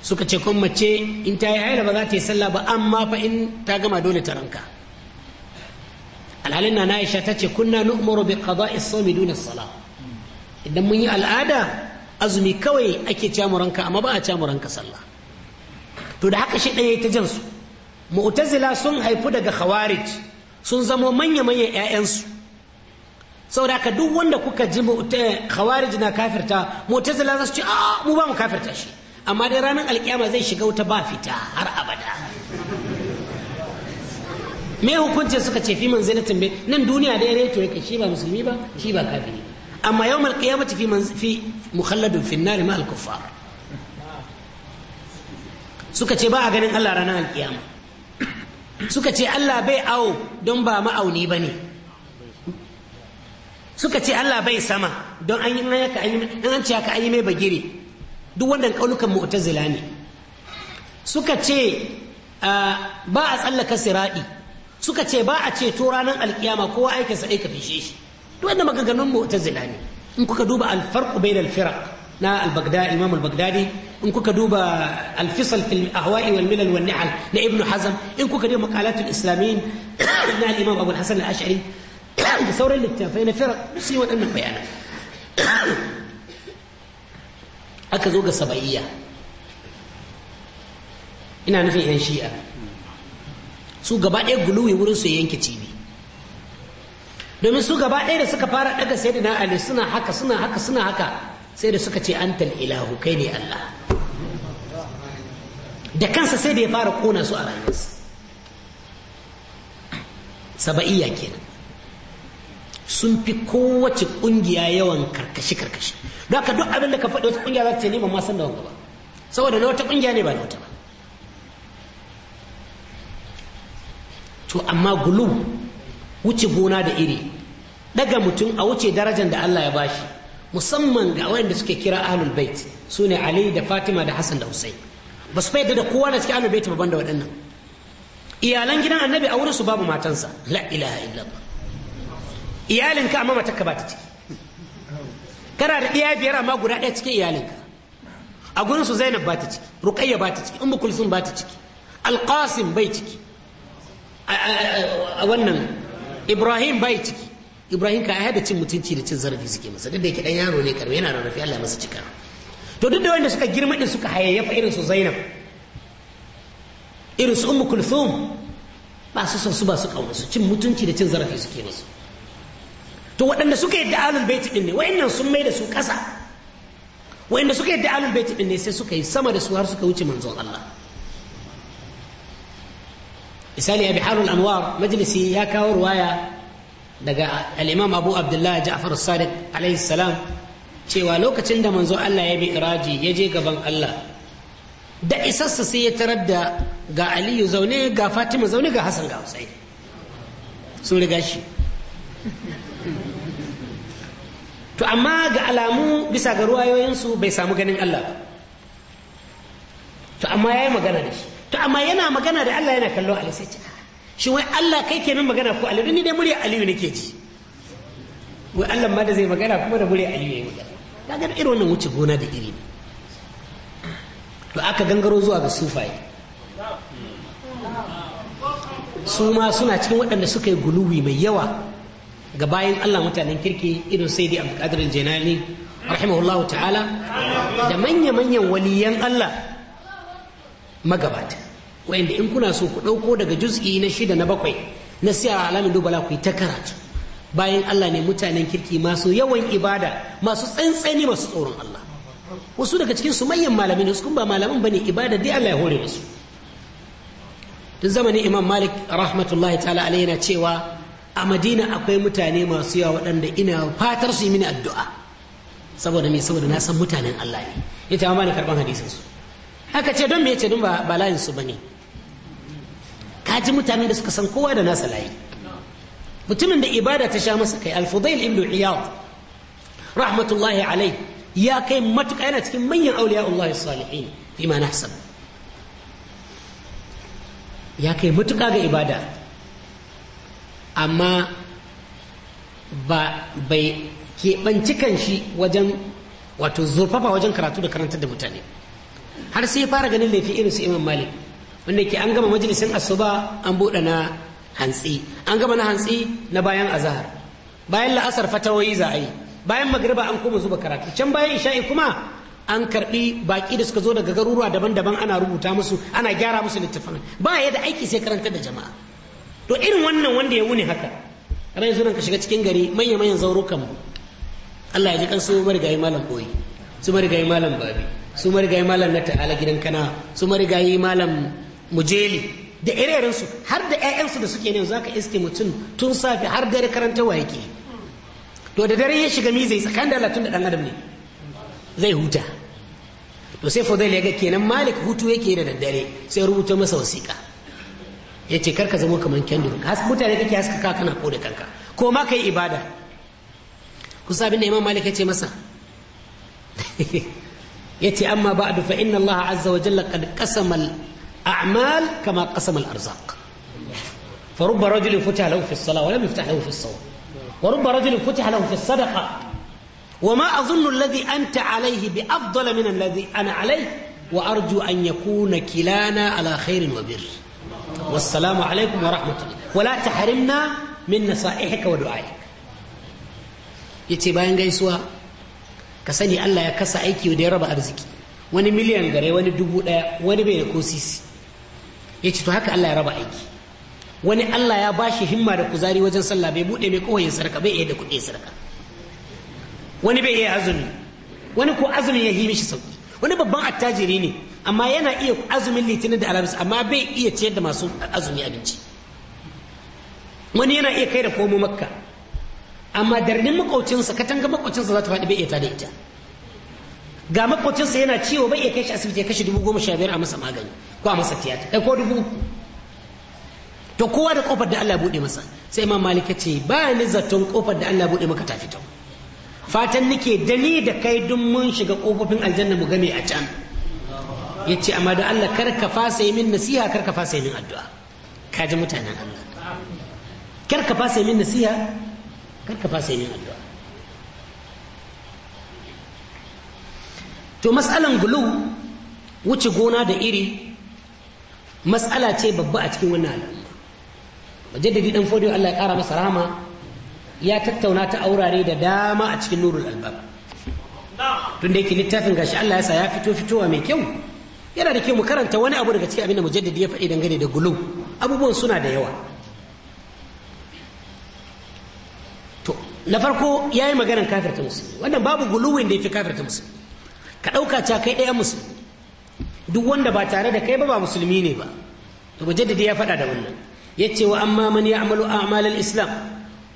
suka ce kuma mace in ta yi haila ba za ta yi sallah ba amma fa in ta gama dole ta ranka alhalin na aisha ta ce kunna nu'maru bi qada'i sawmi duna salah idan mun yi al'ada azumi kawai ake ranka amma ba a ranka sallah to da haka shi ɗaya ta jansu mu'tazila sun haifu daga khawarij sun zamo manya-manyan 'ya'yansu saboda haka duk wanda kuka ji khawarij na kafirta mu'tazila za su ce a mu ba mu kafirta shi amma dai ranar alkiyama zai shiga wuta ba fita har abada me hukunci suka ce fi manzilatin bai nan duniya da ya reto yake shi ba musulmi ba shi ba kafiri amma yawm alqiyamati fi fi mukhalladun fi an-nar ma al-kuffar suka ce ba a ganin Allah ranar alkiyama suka ce Allah bai awo don ba ma'auni ba ne suka ce Allah bai sama don an yi an ce haka an yi mai bagire duk wannan kaulukan mu'tazila ne suka ce ah, ba a tsallaka siradi suka ce ba a ceto ranar alkiyama kowa aikinsa ɗai ka fishe shi duk wanda maganganun mu'tazila ne in kuka duba alfarku bainal firaq na al-baghdadi imam al-baghdadi in kuka duba al-fisal fil ahwa'i wal milal wal ni'al na ibn hazm in kuka duba maqalatul islamiyyin na al-imam abu al-hasan al-ash'ari da sauran littafai na firaq su yi waɗannan bayanan aka zo ga saba'iyya ina nufin yan shi'a su gaba ɗaya guluwi wurin su yanke cibi domin su gaba ɗaya da suka fara ɗaga sai na ali suna haka suna haka suna haka sai da suka ce antal ilahu kai ne Allah da kansa sai da ya fara kona su a rayuwarsa saba'iya kenan sun fi kowace kungiya yawan karkashi-karkashi don haka duk abin da ka faɗi wata kungiya za ta nema ma san da wanga ba saboda na wata kungiya ne ba na wata ba to amma gulu wuce gona da iri daga mutum a wuce darajar da Allah ya bashi musamman ga wanda suke kira ahlul bait su ne ali da fatima da hassan da Hussein ba su fayyada da kowa da suke ahlul bait ban da waɗannan iyalan gidan annabi a wurin su babu matansa la ilaha illallah iyalinka amma matakka ba ta ciki kana da iya biyar amma guda ɗaya cikin iyalinka a gurin su zainab ba ta ciki ruqayya ba ta ciki ummu kulsum ba ta ciki alqasim bai ciki wannan ibrahim bai ciki ibrahim ka ya da cin mutunci da cin zarafi suke masa duk da yake dan yaro ne karbe yana rarrafe Allah masa cika to duk da wanda suka girma din suka hayayyafa irin su zainab irin su ummu kulthum ba su son su ba su kauna su cin mutunci da cin zarafi suke masu to waɗanda suka yadda alul baiti din ne wayannan sun mai da su ƙasa wayanda suka yadda alul baiti din ne sai suka yi sama da su har suka wuce manzon Allah misali abi harul anwar majlisi ya kawo ruwaya daga al'imam abu abdullahi ja'far sadiq alaihi salam cewa lokacin da manzo Allah ya bi iraji ya je gaban Allah da isassa sai ya tarar da ga aliyu zaune ga fatima zaune ga hassan ga hussein sun riga shi to amma ga alamu bisa ga ruwayoyinsu bai samu ganin Allah ba to amma ya yi magana da shi to amma yana magana da Allah yana kallo a sai shi wai Allah kai ke min magana ko Aliyu ni dai murya Aliyu nake ji wai Allah ma da zai magana kuma da murya Aliyu yayi magana kaga irin wannan wuce gona da iri ne to aka gangaro zuwa ga sufai su ma suna cikin waɗanda suka yi guluwi mai yawa ga bayan Allah mutanen kirki irin sai dai abdulkadir jenani rahimahullahu ta'ala da manya-manyan waliyan Allah magabata wa'inda in kuna so ku ɗauko daga juz'i na shida na bakwai na siyar alamin dubala ku yi ta karatu bayan Allah ne mutanen kirki masu yawan ibada masu tsantsani masu tsoron Allah wasu daga cikin su manyan malamin su kun ba malaman bane ibada dai Allah ya hore musu tun zamanin Imam Malik rahmatullahi ta'ala alaihi yana cewa a Madina akwai mutane masu yawa wadanda ina fatar su yi mini addu'a saboda me saboda na san mutanen Allah ne ita ma ni karban hadisin su haka ce don me yace don ba balayin su bane ka ji mutanen da suka san kowa da nasa layi mutumin da ibada ta sha masa kai alfudail ibn iyad rahmatullahi alai ya kai matuƙa yana cikin manyan auliya Allah salihin fi ma nahsab ya kai matuƙa ga ibada amma ba bai keɓanci shi wajen wato zurfafa wajen karatu da karantar da mutane har sai fara ganin laifi irin su imam malik wanda ke an gama majalisin asuba an buɗe na hantsi an gama na hantsi na bayan azahar bayan la'asar fatawoyi za a yi bayan magriba an koma zuba karatu can bayan isha'i kuma an karbi baki da suka zo daga garuruwa daban-daban ana rubuta musu ana gyara musu littafan ba ya da aiki sai karanta da jama'a to irin wannan wanda ya wuni haka ran yanzu ka shiga cikin gari manya manyan zaurukan mu Allah ya ji kansu marigayi malam koyi su marigayi malam babi su marigayi malam na ta'ala gidan kana su marigayi malam mujeli da irerensu har da 'ya'yansu da suke ne za ka iske mutum tun safe har dare karanta wa yake to da dare ya shiga mi zai tsakan da tun da ɗan adam ne zai huta to sai fadal ya ga kenan malik hutu yake da daddare sai rubuta masa wasiƙa ya ce karka zama kamar kendur mutane kake haska ka kana kore kanka ko ma ka yi ibada kusa abin da imam malik ya ce masa ya ce amma ba'du fa inna allah azza wa jalla qad qasama أعمال كما قسم الأرزاق فرب رجل فتح له في الصلاة ولم يفتح له في الصوم ورب رجل فتح له في الصدقة وما أظن الذي أنت عليه بأفضل من الذي أنا عليه وأرجو أن يكون كلانا على خير وبر والسلام عليكم ورحمة الله ولا تحرمنا من نصائحك ودعائك yace bayan gaisuwa ka sani Allah ya kasa aiki da ya raba arziki wani miliyan gare wani dubu daya wani bai da ko sisi ya ce to haka Allah ya raba aiki wani Allah ya ba shi himma da kuzari wajen sallah bai buɗe mai yin sarka bai iya da kuɗe sarka wani bai iya azumi wani ko azumi ya yi mishi sauki wani babban attajiri ne amma yana iya azumin litinin da alhamis amma bai iya ciyar da masu azumi abinci wani yana iya kai da komo makka amma darnin makocinsa katanga makocinsa za ta faɗi bai iya tada ita ga makocinsa yana ciwo bai iya kai shi asibiti ya kashe dubu goma sha biyar a masa magani ko a masa tiyata ɗai ko dubu uku to kowa da kofar da Allah buɗe masa sai imam malik ya ce ba ni zaton kofar da Allah buɗe maka ta fito fatan nake da ni da kai duk mun shiga kofofin aljanna mu game a can ya ce amma da Allah kar ka fasa min nasiha kar ka fasa min addu'a ka ji mutanen Allah kar ka fasa min nasiha kar ka fasa min addu'a to mas'alan gulu wuce gona da iri matsala ce babba a cikin wannan al'umma majaddadi dan fodiyo Allah ya kara masa rahama ya tattauna ta aurare da dama a cikin nurul albab tunda yake littafin gashi Allah ya sa ya fito fitowa mai kyau yana da kyau mu karanta wani abu daga cikin abin da mujaddadi ya faɗi dangane da gulu abubuwan suna da yawa to na farko ya yi maganar kafirta musulmi wannan babu guluwin da ya fi kafirta musulmi ka ɗauka ta kai ɗaya musulmi duk wanda ba tare da kai ba ba musulmi ne ba to mujaddidi ya faɗa da wannan ce wa amma man ya'malu a'mal al-islam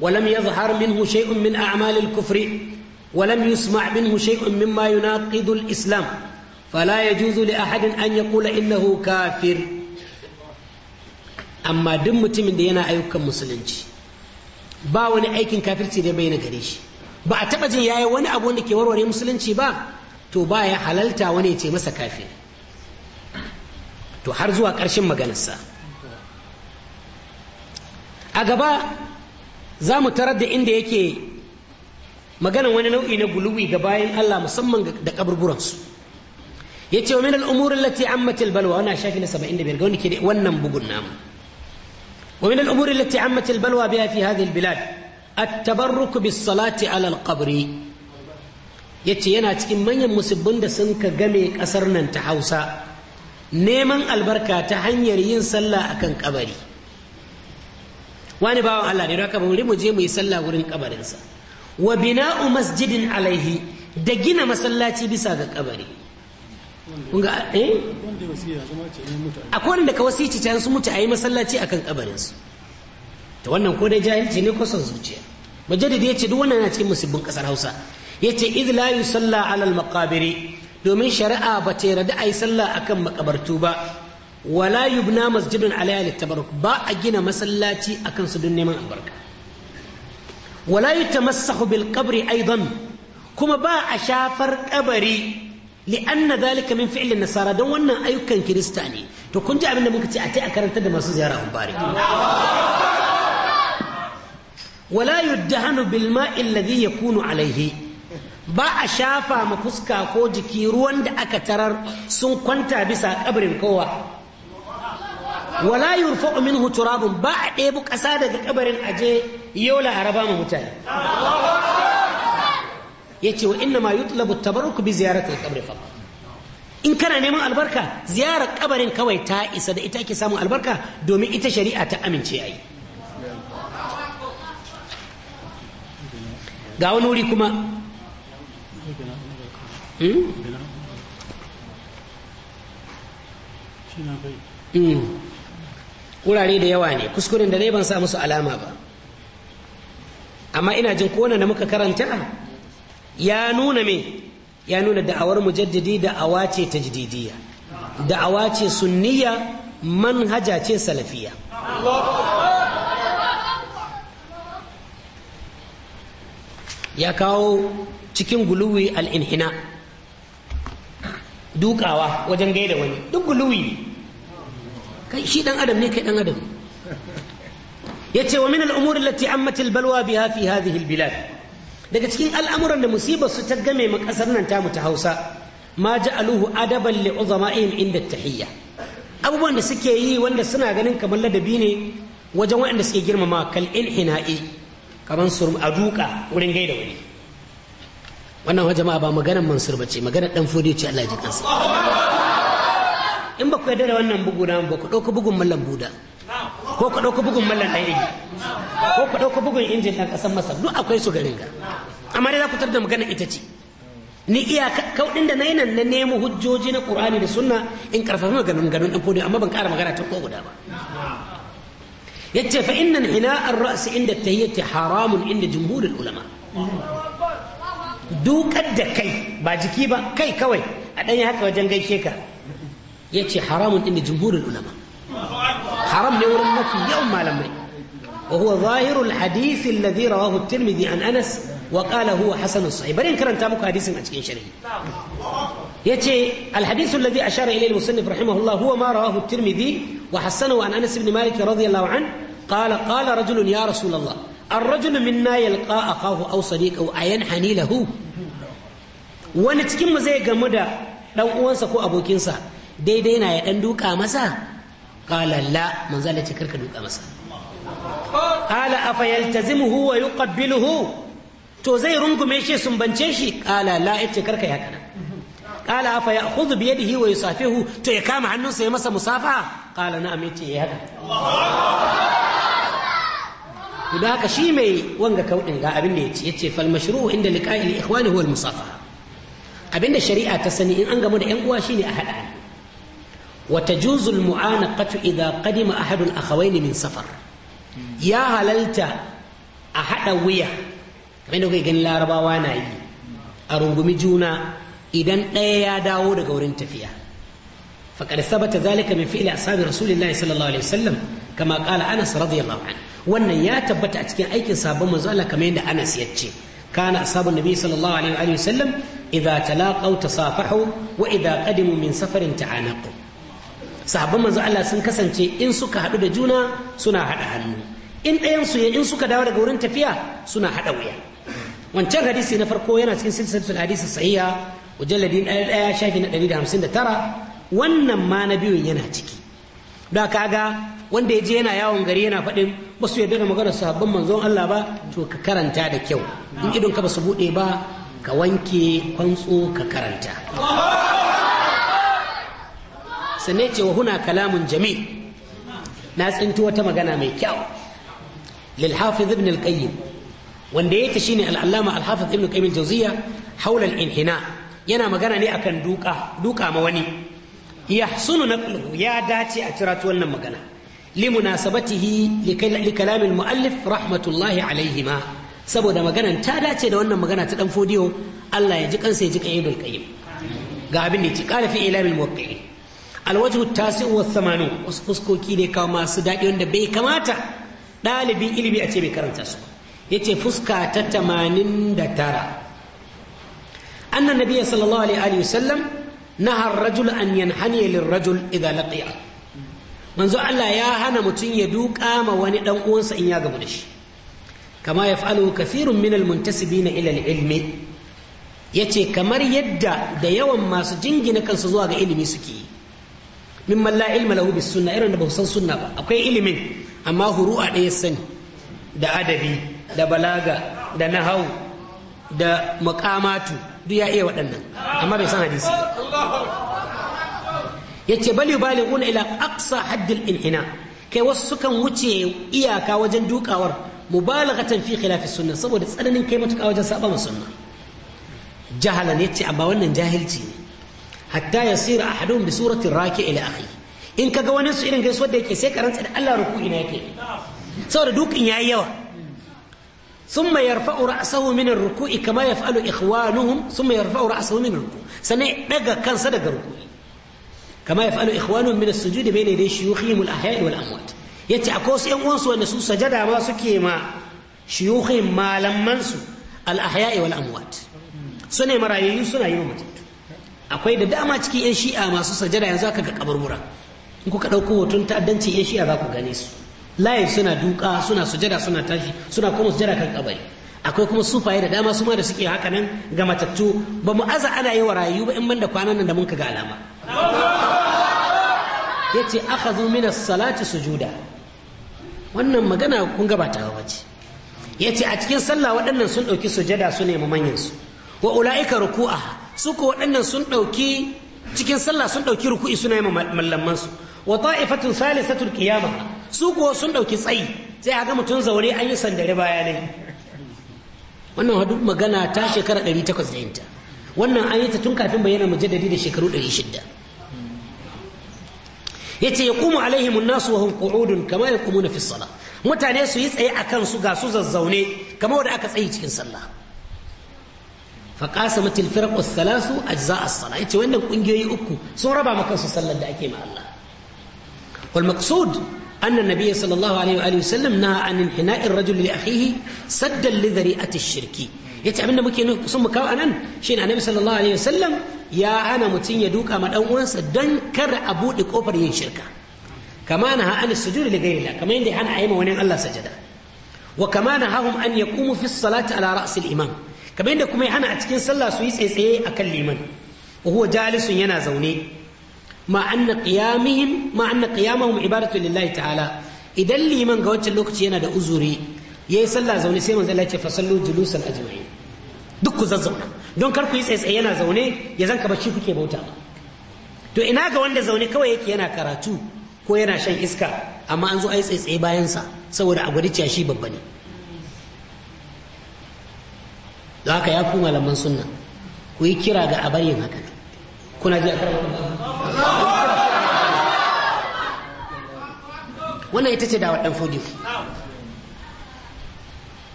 walam ya zahar min shay'un min a'mal kufri walam lam yusma' minhu shay'un mimma yunaqidu al-islam fala juzu li ahadin an kula innahu kafir amma duk mutumin da yana ayyukan musulunci ba wani aikin kafirci da bayyana gare shi ba a taɓa jin yayi wani abu wanda ke warware musulunci ba to ba ya halalta wani ya ce masa kafir to har zuwa ƙarshen maganarsa a gaba za mu tarar da inda yake maganan wani nau'i na guluwi ga bayan Allah musamman da kaburburansu ya ce wa min al'umurin lati ammatil balwa wana shafi na biyar ga wani ke wannan bugun namu wa min al'umurin lati ammatil balwa biya fi hadhihi bilad at-tabarruk bis salati ala ya yace yana cikin manyan musibbin da sun ka game kasar nan ta Hausa neman albarka ta hanyar yin sallah akan kabari wani bawan Allah ne don kaba bari mu je mu yi sallah wurin kabarinsa wa bina'u masjidin alaihi da gina masallaci bisa ga kabari kun ga eh akwai wanda ka wasici ta su mutu a yi masallaci akan kabarinsu to wannan ko dai jahilci ne ko son zuciya majadid ya ce duk wannan yana cikin musibbin kasar Hausa yace idh la yusalla alal maqabiri domin shari'a ba ta yarda a yi sallah akan makabartu ba wala yubna masjidun alayali tabaruk ba a gina masallaci akan su don neman albarka wala ta bil qabri aidan kuma ba a shafar kabari li'anna zalika min fi'l nasara don wannan ayyukan kirista ne to kun ji abin da muka ce a tai a karantar da masu ziyara hubbari wala yuddahanu bil ma'i alladhi yakunu alayhi ba a shafa ma fuska ko jiki ruwan da aka tarar sun kwanta bisa kabarin kowa wala yurfa'u minhu turabun ba a ɗebi ƙasa daga kabarin aje yola a raba mutane. Ya ce wa inna ma yutlabu tabarruk bi ziyarati al in kana neman albarka ziyarar kabarin kawai ta isa da ita ake samun albarka domin ita shari'a ta amince yi. ga wani wuri kuma Eh? wurare da yawa ne kuskuren da ne ban sa musu alama ba amma ina jin kona da muka karanta ya nuna me ya nuna da'awar mujaddidi da'awa ce tajdidiyya da'awa ce sunniya manhaja ce salafiya ya kawo cikin guluwi al'inhina dukawa wajen gaida wani duk guluwi kai shi ɗan adam ne kai ɗan adam ya ce wa min al'umuri lati ammatil balwa biha fi hadhihi albilad daga cikin al'amuran da musibar su ta game ma kasar nan tamu ta Hausa ma aluhu adaban li uzama'ihim inda tahiyya abubuwan da suke yi wanda suna ganin kamar ladabi ne wajen waɗanda suke girmama kal inhina'i kamar su a duka wurin gaida wani wannan wa jama'a ba maganar mansur ce maganar dan fodi ce Allah ji kansa in ba ku yarda da wannan bugu na ba ku dauko bugun mallan buda ko ku dauko bugun mallan dan igi ko ku dauko bugun injin ta kasan masa duk akwai su garin ga amma dai za ku tarda magana ita ce ni iya kaudin da nayi nan na nemo hujjoji na qur'ani da sunna in karfafa maganin ganin dan fodi amma ban kara magana ta ko guda ba yace fa inna hina ar-ra's inda tahiyyati haramun inda jumhurul ulama dukar da kai ba jiki ba kai kawai a dan haka wajen gaishe ka yace haramun inda jumhurul ulama haram ne wurin mafi yawan malamai wa huwa zahirul hadith alladhi rawahu at-tirmidhi an anas wa qala huwa hasanun sahih bari karanta muku hadisin a cikin sharhi يتي الحديث الذي أشار إليه المصنف رحمه الله هو ما رواه الترمذي وحسنه عن أنس بن مالك رضي الله عنه قال قال رجل يا رسول الله الرجل منا يلقى أخاه أو صديقه أينحني له ونتكم زي جمدا لو أنسى كو أبو كنسى دي دينا يندوك أمسا قال لا من زال يتكرك دوك أمسا قال أفيلتزمه ويقبله تو زي رنقميشي سنبنشيشي قال لا يتكرك يا كنا قال أفا يأخذ بيده ويصافه تيكام ya سيمس مصافحة قال نعم يتي هذا da haka shi mai wanga kauɗin ga abin da ya ce ya ce falmashru inda liƙa'il ikhwani huwal musafa abin shari'a ta sani in an gamu da yan uwa shine a haɗa ne wa tajuzul mu'anaqatu idza qadima ahadul akhawain min safar ya halalta a haɗa wuya kamar da ganin larabawa na yi a rungumi juna idan ɗaya ya dawo daga wurin tafiya faƙar sabata zalika min fi'li ashabi rasulillahi sallallahu alaihi wasallam kama qala anas radiyallahu anhu wannan ya tabbata a cikin aikin sabon manzo Allah kamar yadda anas ya ce kana ashabun nabi sallallahu alaihi wa alihi wasallam idza talaqaw tasafahu wa idza qadimu min safarin ta'anaqu sahabban manzo Allah sun kasance in suka haɗu da juna suna haɗa hannu in ɗayan su in suka dawo daga wurin tafiya suna haɗa wuya wancan hadisi na farko yana cikin silsilatul hadisi sahiha mujalladi ɗaya shafi na ɗari da hamsin da tara wannan ma na biyun yana ciki da kaga wanda ya je yana yawon gari yana faɗin ba su yarda da maganar sahabban manzon Allah ba to ka karanta da kyau in idon ka ba su buɗe ba ka wanke kwantso ka karanta sannan ce wa huna kalamun jamil na tsinci wata magana mai kyau lil hafiz ibn al qayyim wanda yake shine al allama al hafiz ibn qayyim al jawziya hawla al inhina yana magana ne akan duka duka ma wani yahsunu na ya dace a cira wannan magana li kalamin muallif rahmatullahi alaihima saboda maganan ta dace da wannan magana ta dan fodiyo Allah ya ji kansa ya ji kan qayyim ga abin da ya ci qala fi ilamil muwaqqi'in alwajhu at-tasi'u wath samanu wasu fuskoki ne kawo masu daɗi wanda bai kamata ɗalibin ilimi a ce bai karanta su yace fuska ta tamanin da tara أن النبي صلى الله عليه وسلم rajul الرجل أن ينحني للرجل إذا لقيه manzo Allah ya hana mutum ya duka wani dan uwansa in ya gamu da shi kama yaf'alu kathirun minal muntasibina ila ilmi yace kamar yadda da yawan masu jingina kansu zuwa ga ilimi suke yi mimman la ilma lahu bis sunna irin da ba san ba akwai ilimin amma a ɗaya sani da adabi da balaga da nahau da muqamatu duk ya iya waɗannan amma bai san hadisi ya ce bali balighuna ila aqsa haddil inhina kai wasu sukan wuce iyaka wajen dukawar mubalaghatan fi khilafi sunna saboda tsananin kai matuƙa wajen saba ma sunna jahalan yace amma wannan jahilci ne hatta yasira ahaduhum bi surati raki ila akhi in kaga wani su irin gaisuwar da yake sai karanta da Allah ruku'i na yake saboda dukin yayi yawa ثم يرفع رأسه من الركوع كما يفعل إخوانهم ثم يرفع رأسه من الركوع سنة دقى كان صدق الركوع كما يفعل إخوانهم من السجود بين يدي شيوخهم الأحياء والأموات يتي أكوس ينوانس ونسو سجدا ما سكي ما شيوخهم ما لمنسو الأحياء والأموات سنة مرايي سنة يوم akwai da dama cikin 'yan shi'a masu sajada yanzu aka ga kaburbura in kuka ɗauko hoton ta'addanci 'yan shi'a za ku gane su layi suna duka suna sujada suna tashi suna kuma sujada kan kabari akwai kuma sufaye da dama su ma da suke haka nan ga matattu ba mu aza ana yi wa rayu ba in ban da kwanan nan da mun ka ga alama Ya ce aka zo mina salati sujuda wannan magana kun ga ba ta wace ce a cikin sallah waɗannan sun ɗauki sujada su nemi manyansu wa ulaika ruku'a su ko waɗannan sun ɗauki cikin sallah sun ɗauki ruku'i suna yi mallaman su wa ta'ifatun salisatul qiyamah su kuwa sun ɗauki tsayi sai a ga mutum zaure an yi sandare bayanai wannan hadu magana ta shekara 800 da yinta wannan an yi ta tun kafin bayyana mujaddadi da shekaru 600 yace kuma alaihimun nasu wa hum kamar kama kuma fi salah mutane su yi tsaye akan su ga su zazzaune kamar wanda aka tsaye cikin sallah Faƙasa فقاسمت الفرق الثلاث أجزاء الصلاة يتوين لك أنجي أكو سورة ما كان da ake عليه Allah. والمقصود أن النبي صلى الله عليه وآله وسلم نهى عن انحناء الرجل لأخيه سدا لذريئة الشرك yace abinda muke sun mu kawo anan shine annabi sallallahu alaihi wasallam ya hana mutum ya duka ma dan uwansa dan kar a bude kofar yin shirka kama na an sujud li ghayrillah kama yanda hana ayyama wani Allah sajada wa kama na hahum an yaqumu fi salati ala ra's al imam kama yanda kuma ya hana a cikin sallah su yi tsaye akan liman wa huwa jalisun yana zaune ma anna ibadatu lillahi ta'ala idan liman ga wancan lokaci yana da uzuri yayi sallah zaune sai manzo Allah ya ce fa sallu julusan ajma'in duk ku zazzauna don kar ku yi tsaitsaye yana zaune ya zan zanka bashi kuke bauta to ina ga wanda zaune kawai yake yana karatu ko yana shan iska amma an zo ai tsaitsaye bayansa saboda a gwada ciyashi babba ne da haka ya ku malaman sunna kuyi kira ga abar yin haka kuna ji wannan ita ce dawar ɗan fodiyo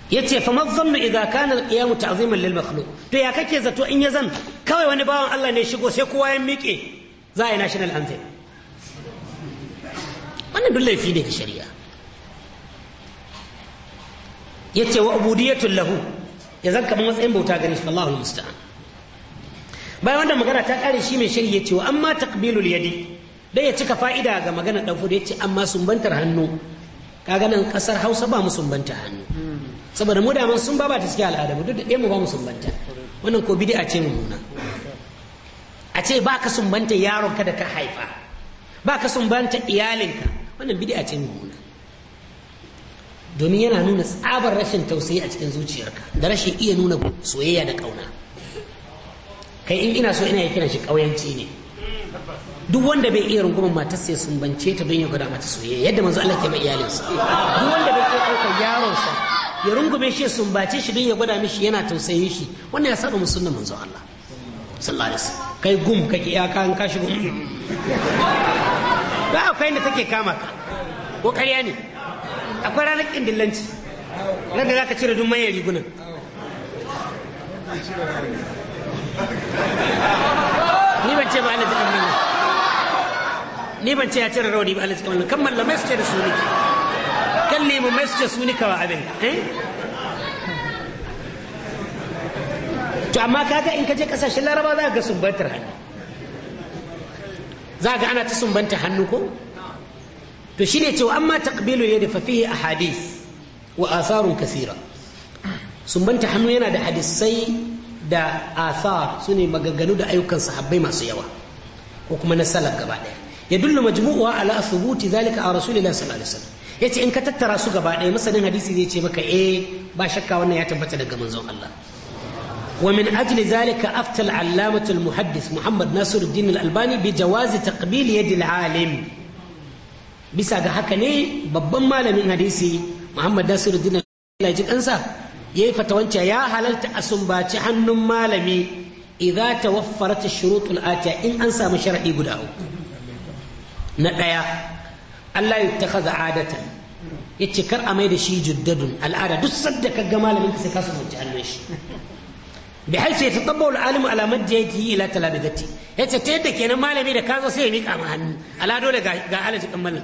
ya ce fa mazzannu idza kana qiyamu ta'ziman lil makhluq to ya kake zato in ya zan kawai wani bawan Allah ne shigo sai kowa ya miƙe za a yi national anthem wannan duk laifi ne ga shari'a ya ce wa ubudiyatul lahu ya zan kamar matsayin bauta gare shi Allahu musta'an bayan wannan magana ta kare shi mai shari ya ce wa amma taqbilul yadi dan ya cika fa'ida ga magana dan fudu ya ce amma sumbantar hannu kaga nan kasar Hausa ba mu sumbanta hannu saboda mu da mun sun ba ba ta cikin al'ada mu duk da mu ba mu sumbanta wannan ko bid'a ce mu nuna a ce ba ka sumbanta ka da ka haifa ba ka sumbanta iyalinka wannan bid'a ce mummuna domin yana nuna tsabar rashin tausayi a cikin zuciyarka da rashin iya nuna soyayya da ƙauna. kai in ina so ina kiran shi ƙauyanci ne duk wanda bai iya rungumar matarsa sai sun bance ta don ya gwada mata soyayya yadda manzo Allah ke ba iyalinsa duk wanda bai iya yaron yaronsa ya rungume shi sun bace shi don ya gwada mishi yana tausayin shi wannan ya saba musulman manzo Allah sallallahu alaihi wasallam kai gum kake ya ka kashi gum ba akwai inda take kama ka ko ƙarya ne akwai ranar kindillanci ranar da za ka cire duk manyan rigunan ni ban ce ba Allah jikan mini ni ban ce ya cire rawani ba Allah jikan mini kan mallamai su ce da suni kan mai su ce suni kawa abin eh? to amma kaga in ka je kasashen laraba za ka ga sumbantar hannu za ga ana ta sumbanta hannu ko to shine wa amma taqbilu yadi fa fihi ahadith wa atharun kaseera sumbanta hannu yana da hadisai da athar su ne maganganu da ayyukan sahabbai masu yawa ko kuma na salaf gaba ɗaya ya dullu majmu'uwa ala thubuti zalika a rasulillahi sallallahu alaihi wasallam yace in ka tattara su gaba ɗaya masanin hadisi zai ce maka eh ba shakka wannan ya tabbata daga manzon Allah wa min ajli zalika aftal allamatul muhaddis muhammad nasiruddin al-albani bi jawazi taqbil yadi al-alim bisa ga haka ne babban malamin hadisi muhammad nasiruddin al-albani ya ji kansa ya yi fatawanci ya halarta a sumbaci hannun malami idan idza tawaffarat ash-shurutul atiya in an samu sharadi guda uku na ɗaya Allah ta yattakhadha adatan ce kar a mai da shi juddadun al'ada duk sadda ka ga malamin ka sai ka sumbaci hannun shi bi haifu ta taɓa alimu alamar da yake yi ila talabigati ya ce ta yadda kenan malami da kazo sai ya miƙa ma hannu ala dole ga alaji kan malam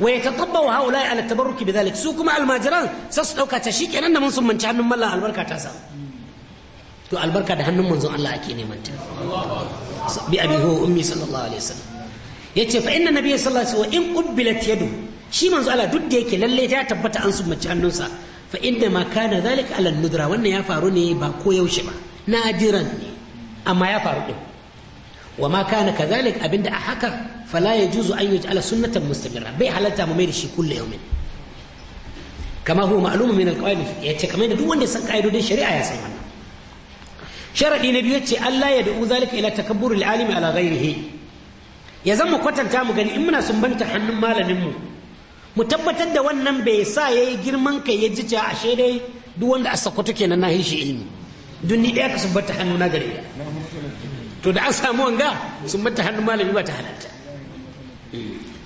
ويتطبعوا هؤلاء على التبرك بذلك su kuma almajiran sai su dauka ta shikenan da mun sun manci hannun mallan albarka ta samu to albarka da hannun manzon Allah ake neman ta bi abi ummi sallallahu alaihi wasallam yace fa inna nabiyya sallallahu alaihi wasallam in qubbilat yadu shi manzo Allah duk da yake lalle ta tabbata an sun hannun sa. fa inda ma kana zalika ala nudra wannan ya faru ne ba ko yaushe ba nadiran ne amma ya faru wa ma kana kadhalik abinda a haka fala yajuzu an yaj'ala sunnatan mustamirra bai halarta mu mai da shi kullu yawmin kama huwa ma'lumun min al-qawaid yace kamar da duk wanda ya san ka'idodin shari'a ya san wannan sharadi na biyu yace Allah ya da'u zalika ila takabburi al-alimi ala ghayrihi ya zama kwatanta mu gani in muna sumbanta hannun malamin mu mu tabbatar da wannan bai sa yayi girman kai ya jija ashe dai duk wanda a sakwato kenan na shi ilimi duk ka sumbanta hannu na to da an samu wanga sumbanta hannun malami ba ta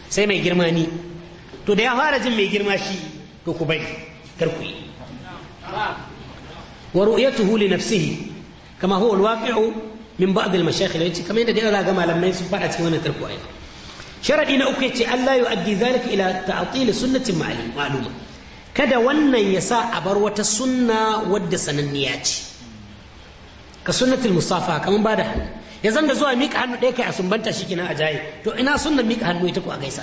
sai mai girma ni to da ya fara jin mai girma shi to ku bari kar ku yi wa ru'yatuhu li nafsihi kama huwa alwaqi'u min ba'd al-mashayikh yace kama inda dai ga malamai sun fada cikin wannan tarko ayi sharadi na uku yace Allah yu'addi zalika ila ta'til sunnatin ma'luma kada wannan ya sa a bar wata sunna wadda sananniya ce ka sunnatul musafa kaman bada hannu ya zan da zuwa miƙa hannu ɗaya kai a sumbanta shi kenan a jaye to ina sunnan mika hannu ita ku a gaisa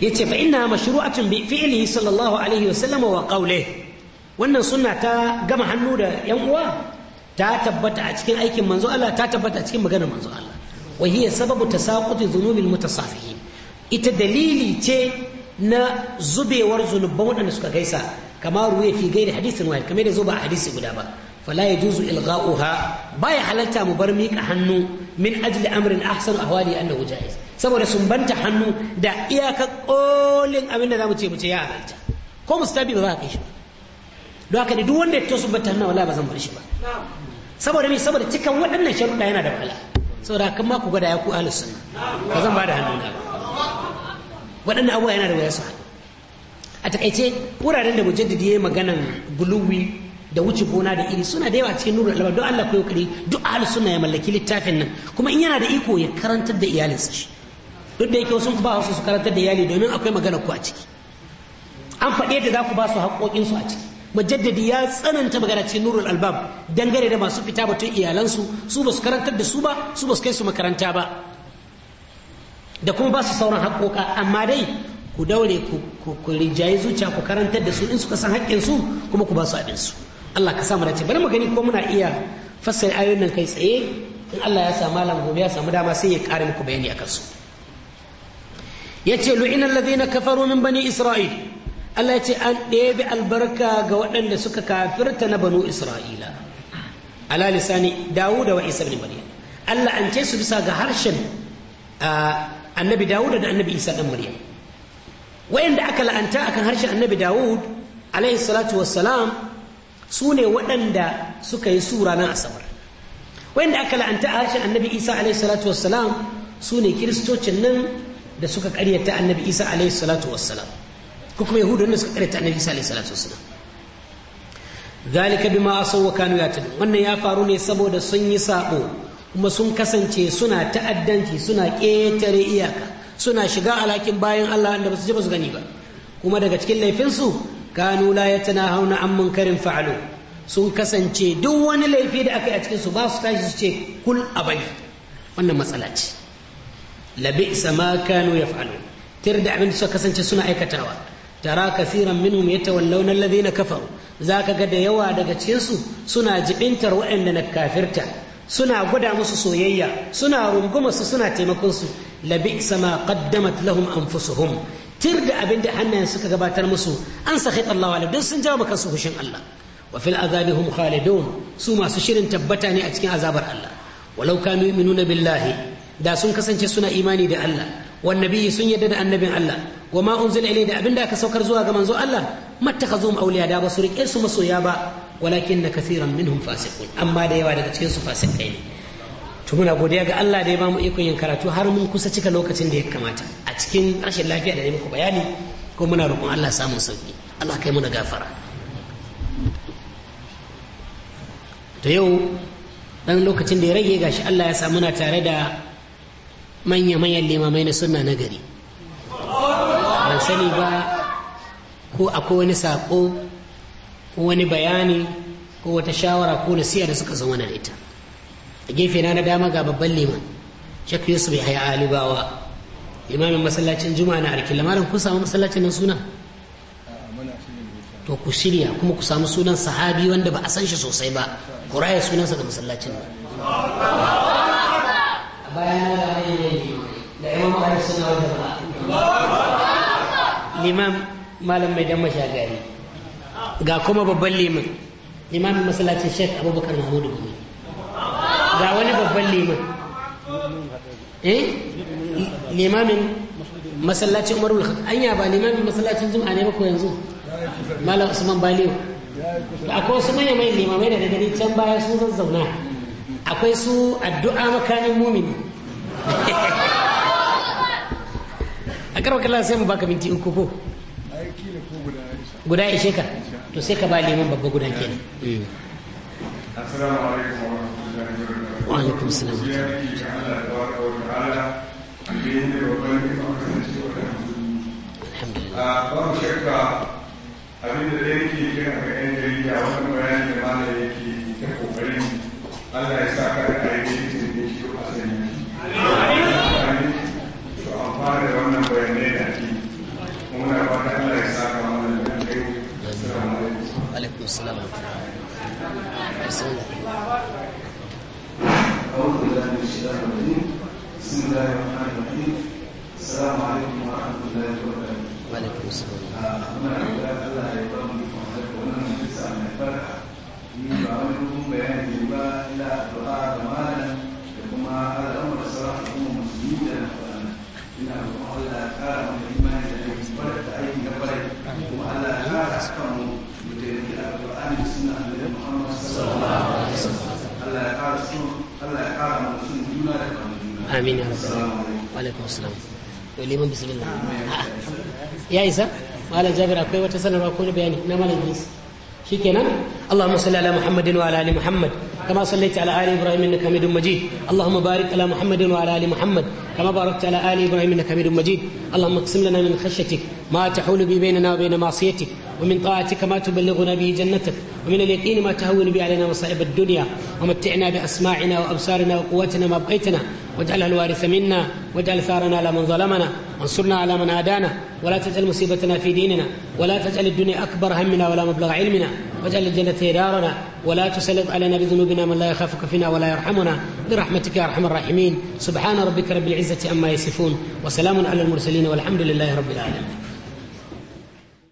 ya ce fa ina mashru'atun bi fi'lihi sallallahu alaihi wasallam wa qawli wannan sunna ta gama hannu da yan uwa ta tabbata a cikin aikin manzo Allah ta tabbata a cikin maganar manzo Allah wa hiya sababu tasaquti dhunubil mutasafihin ita dalili ce na zubewar zunuban waɗanda suka gaisa kamar ruwa fi gairi hadisin wahid kamar da zuba a hadisi guda ba fala yajuzu ba ya halarta mu bar miƙa hannu min ajli amrin ahsanu ahwali annahu jaiz saboda sun banta hannu da iyakar ƙolin abin da za mu ce mu ce ya halarta ko mu mustabi ba za ka kai shi ba. don haka ne duk wanda ya to banta hannu wala ba zan bar shi ba saboda me saboda cikan waɗannan sharuɗa yana da wahala saboda kan ma ku gwada ya ku ahlus sunna ba zan ba da hannu na ba waɗannan abubuwa yana da su a takaice wuraren da mujaddidi ya yi maganan guluwi da wuce gona da iri suna da yawa cikin nurul alba don Allah kai kare duk ahlus sunna ya mallaki littafin nan kuma in yana da iko ya karantar da iyalinsa shi duk da yake wasu ba wasu su karantar da iyali domin akwai magana ku a ciki an faɗi yadda za ku ba su su a ciki mujaddadi ya tsananta magana cikin nurul albab dangare da masu fita batun iyalansu su ba su karantar da su ba su ba su kai su makaranta ba da kuma ba su sauran haƙoƙa amma dai ku daure ku rinjaye zuciya ku karantar da su in suka san haƙƙinsu kuma ku ba su abinsu Allah ka samu dace bari mu gani ko muna iya fassara ayoyin nan kai tsaye in Allah ya samu malam gobe ya samu dama sai ya ƙara muku bayani akan su yace lu'ina alladhina kafaru min bani isra'il Allah yace an ɗebe albarka ga waɗanda suka kafirta na banu isra'ila ala lisani dawuda wa isa ibn maryam Allah an ce su bisa ga harshen annabi dawuda da annabi isa dan maryam wayanda aka la'anta akan harshen annabi dawud alaihi salatu wassalam su ne waɗanda suka yi su ranar asabar wanda aka la'anta a harshen annabi isa alaihi salatu wassalam su ne kiristocin nan da suka karyata annabi isa alaihi salatu wassalam ko kuma yahudu da suka karyata annabi isa alaihi salatu wassalam zalika bima asaw wa kanu yatadun wannan ya faru ne saboda sun yi sabo kuma sun kasance suna ta'addanci suna ƙetare iyaka suna shiga alakin bayan Allah da ba su ji ba su gani ba kuma daga cikin laifinsu kanu hau na an karin fa'alu sun kasance duk wani laifi da aka yi a cikinsu ba su tashi su ce kul abai wannan matsala ce labi'sa sama kanu yaf'alu tir da abin suka kasance suna aikatawa tara kasiran minhum yatawallawna alladhina kafaru zaka ga da yawa daga cikin su suna jibintar waɗanda na kafirta suna gwada musu soyayya suna runguma su suna taimakon su labi'sa sama qaddamat lahum anfusuhum tir da abin da hannayen suka gabatar musu an sa khaitar Allah don sun jawo su hushin Allah wa fil azabi hum khalidun su masu shirin tabbata ne a cikin azabar Allah walau kanu yu'minuna billahi da sun kasance suna imani da Allah wan nabiyyi sun yadda da annabin Allah wa ma unzila ilayhi da abin da aka saukar zuwa ga manzo Allah mattakhazum awliya da ba su rike su masoya ba walakin na kathiran minhum fasiqun amma da yawa daga cikin su fasikai ne to muna godiya ga Allah da ya bamu ikon yin karatu har mun kusa cika lokacin da ya kamata a cikin rashin lafiya da ne muku bayani ko muna roƙon Allah samun sauki Allah kai muna gafara to yau dan lokacin da ya rage gashi Allah ya sa muna tare da manya-manyan limamai na sunna na gari ban sani ba ko akwai wani sako ko wani bayani ko wata shawara ko nasiya da suka zama da ita a gefe na na dama ga babban liman shek yusuf ya haya alibawa limamin masallacin juma'a na arki lamarin kun samu masallacin nan suna to ku shirya kuma ku samu sunan sahabi wanda ba a san shi sosai ba ku raya sunansa da masallacin ba liman da da malam mai dan mashagari ga kuma babban liman limamin masallacin shek abubakar mahmudu gumi ga wani babban liman eh limamin masallacin umarul anya ba limamin masallacin juma'a ne ko yanzu malam usman baliyo akwai su manya mai limamai da gani can baya su zazzauna akwai su addu'a makanin mumini a karfa kallon sai mu baka minti uku ko guda ishe ka to sai ka ba liman babba guda kenan eh. assalamu alaikum wa alaikum salam babu shakka abin da yake jarida da mana yake ta kokarin Allah ya sa ka da da shi a to an fara wannan bayanai da ake muna fata Allah ya sa da alaikum alaikum salam بسم الله الرحمن الرحيم السلام عليكم ورحمة الله وبركاته وعليكم السلام أما الله يكرمك وحضرتك وأنا من لسه من الفرحة ni ba wani hukun bayani ba ila addu'a da malam da kuma al'amur da sauran al'ummar musulmi da na faɗa ina roƙon Allah ya ƙara mana imani da da aiki na barai kuma Allah ya ƙara mu amin ya rabu alaikum salam to liman bismillah ya isa malam jabir akwai wata sanarwa ko bayani na malam jins shikenan allahumma salli ala muhammadin wa ala ali muhammad kama sallaita ala ali ibrahim innaka hamidun majid allahumma barik ala muhammadin wa ala ali muhammad kama barakta ala ali ibrahim innaka hamidun majid allahumma qsim lana min khashyatik ma tahulu bi bainana wa bain ma'siyatik ومن طاعتك ما تبلغنا به جنتك ومن اليقين ما تهون به علينا مصائب الدنيا ومتعنا بأسماعنا وأبصارنا وقوتنا ما أبقيتنا واجعلها الوارث منا واجعل ثارنا على من ظلمنا وانصرنا على من عادانا ولا تجعل مصيبتنا في ديننا ولا تجعل الدنيا أكبر همنا ولا مبلغ علمنا واجعل الجنة دارنا ولا تسلط علينا بذنوبنا من لا يخافك فينا ولا يرحمنا برحمتك يا أرحم الراحمين سبحان ربك رب العزة أما يصفون وسلام على المرسلين والحمد لله رب العالمين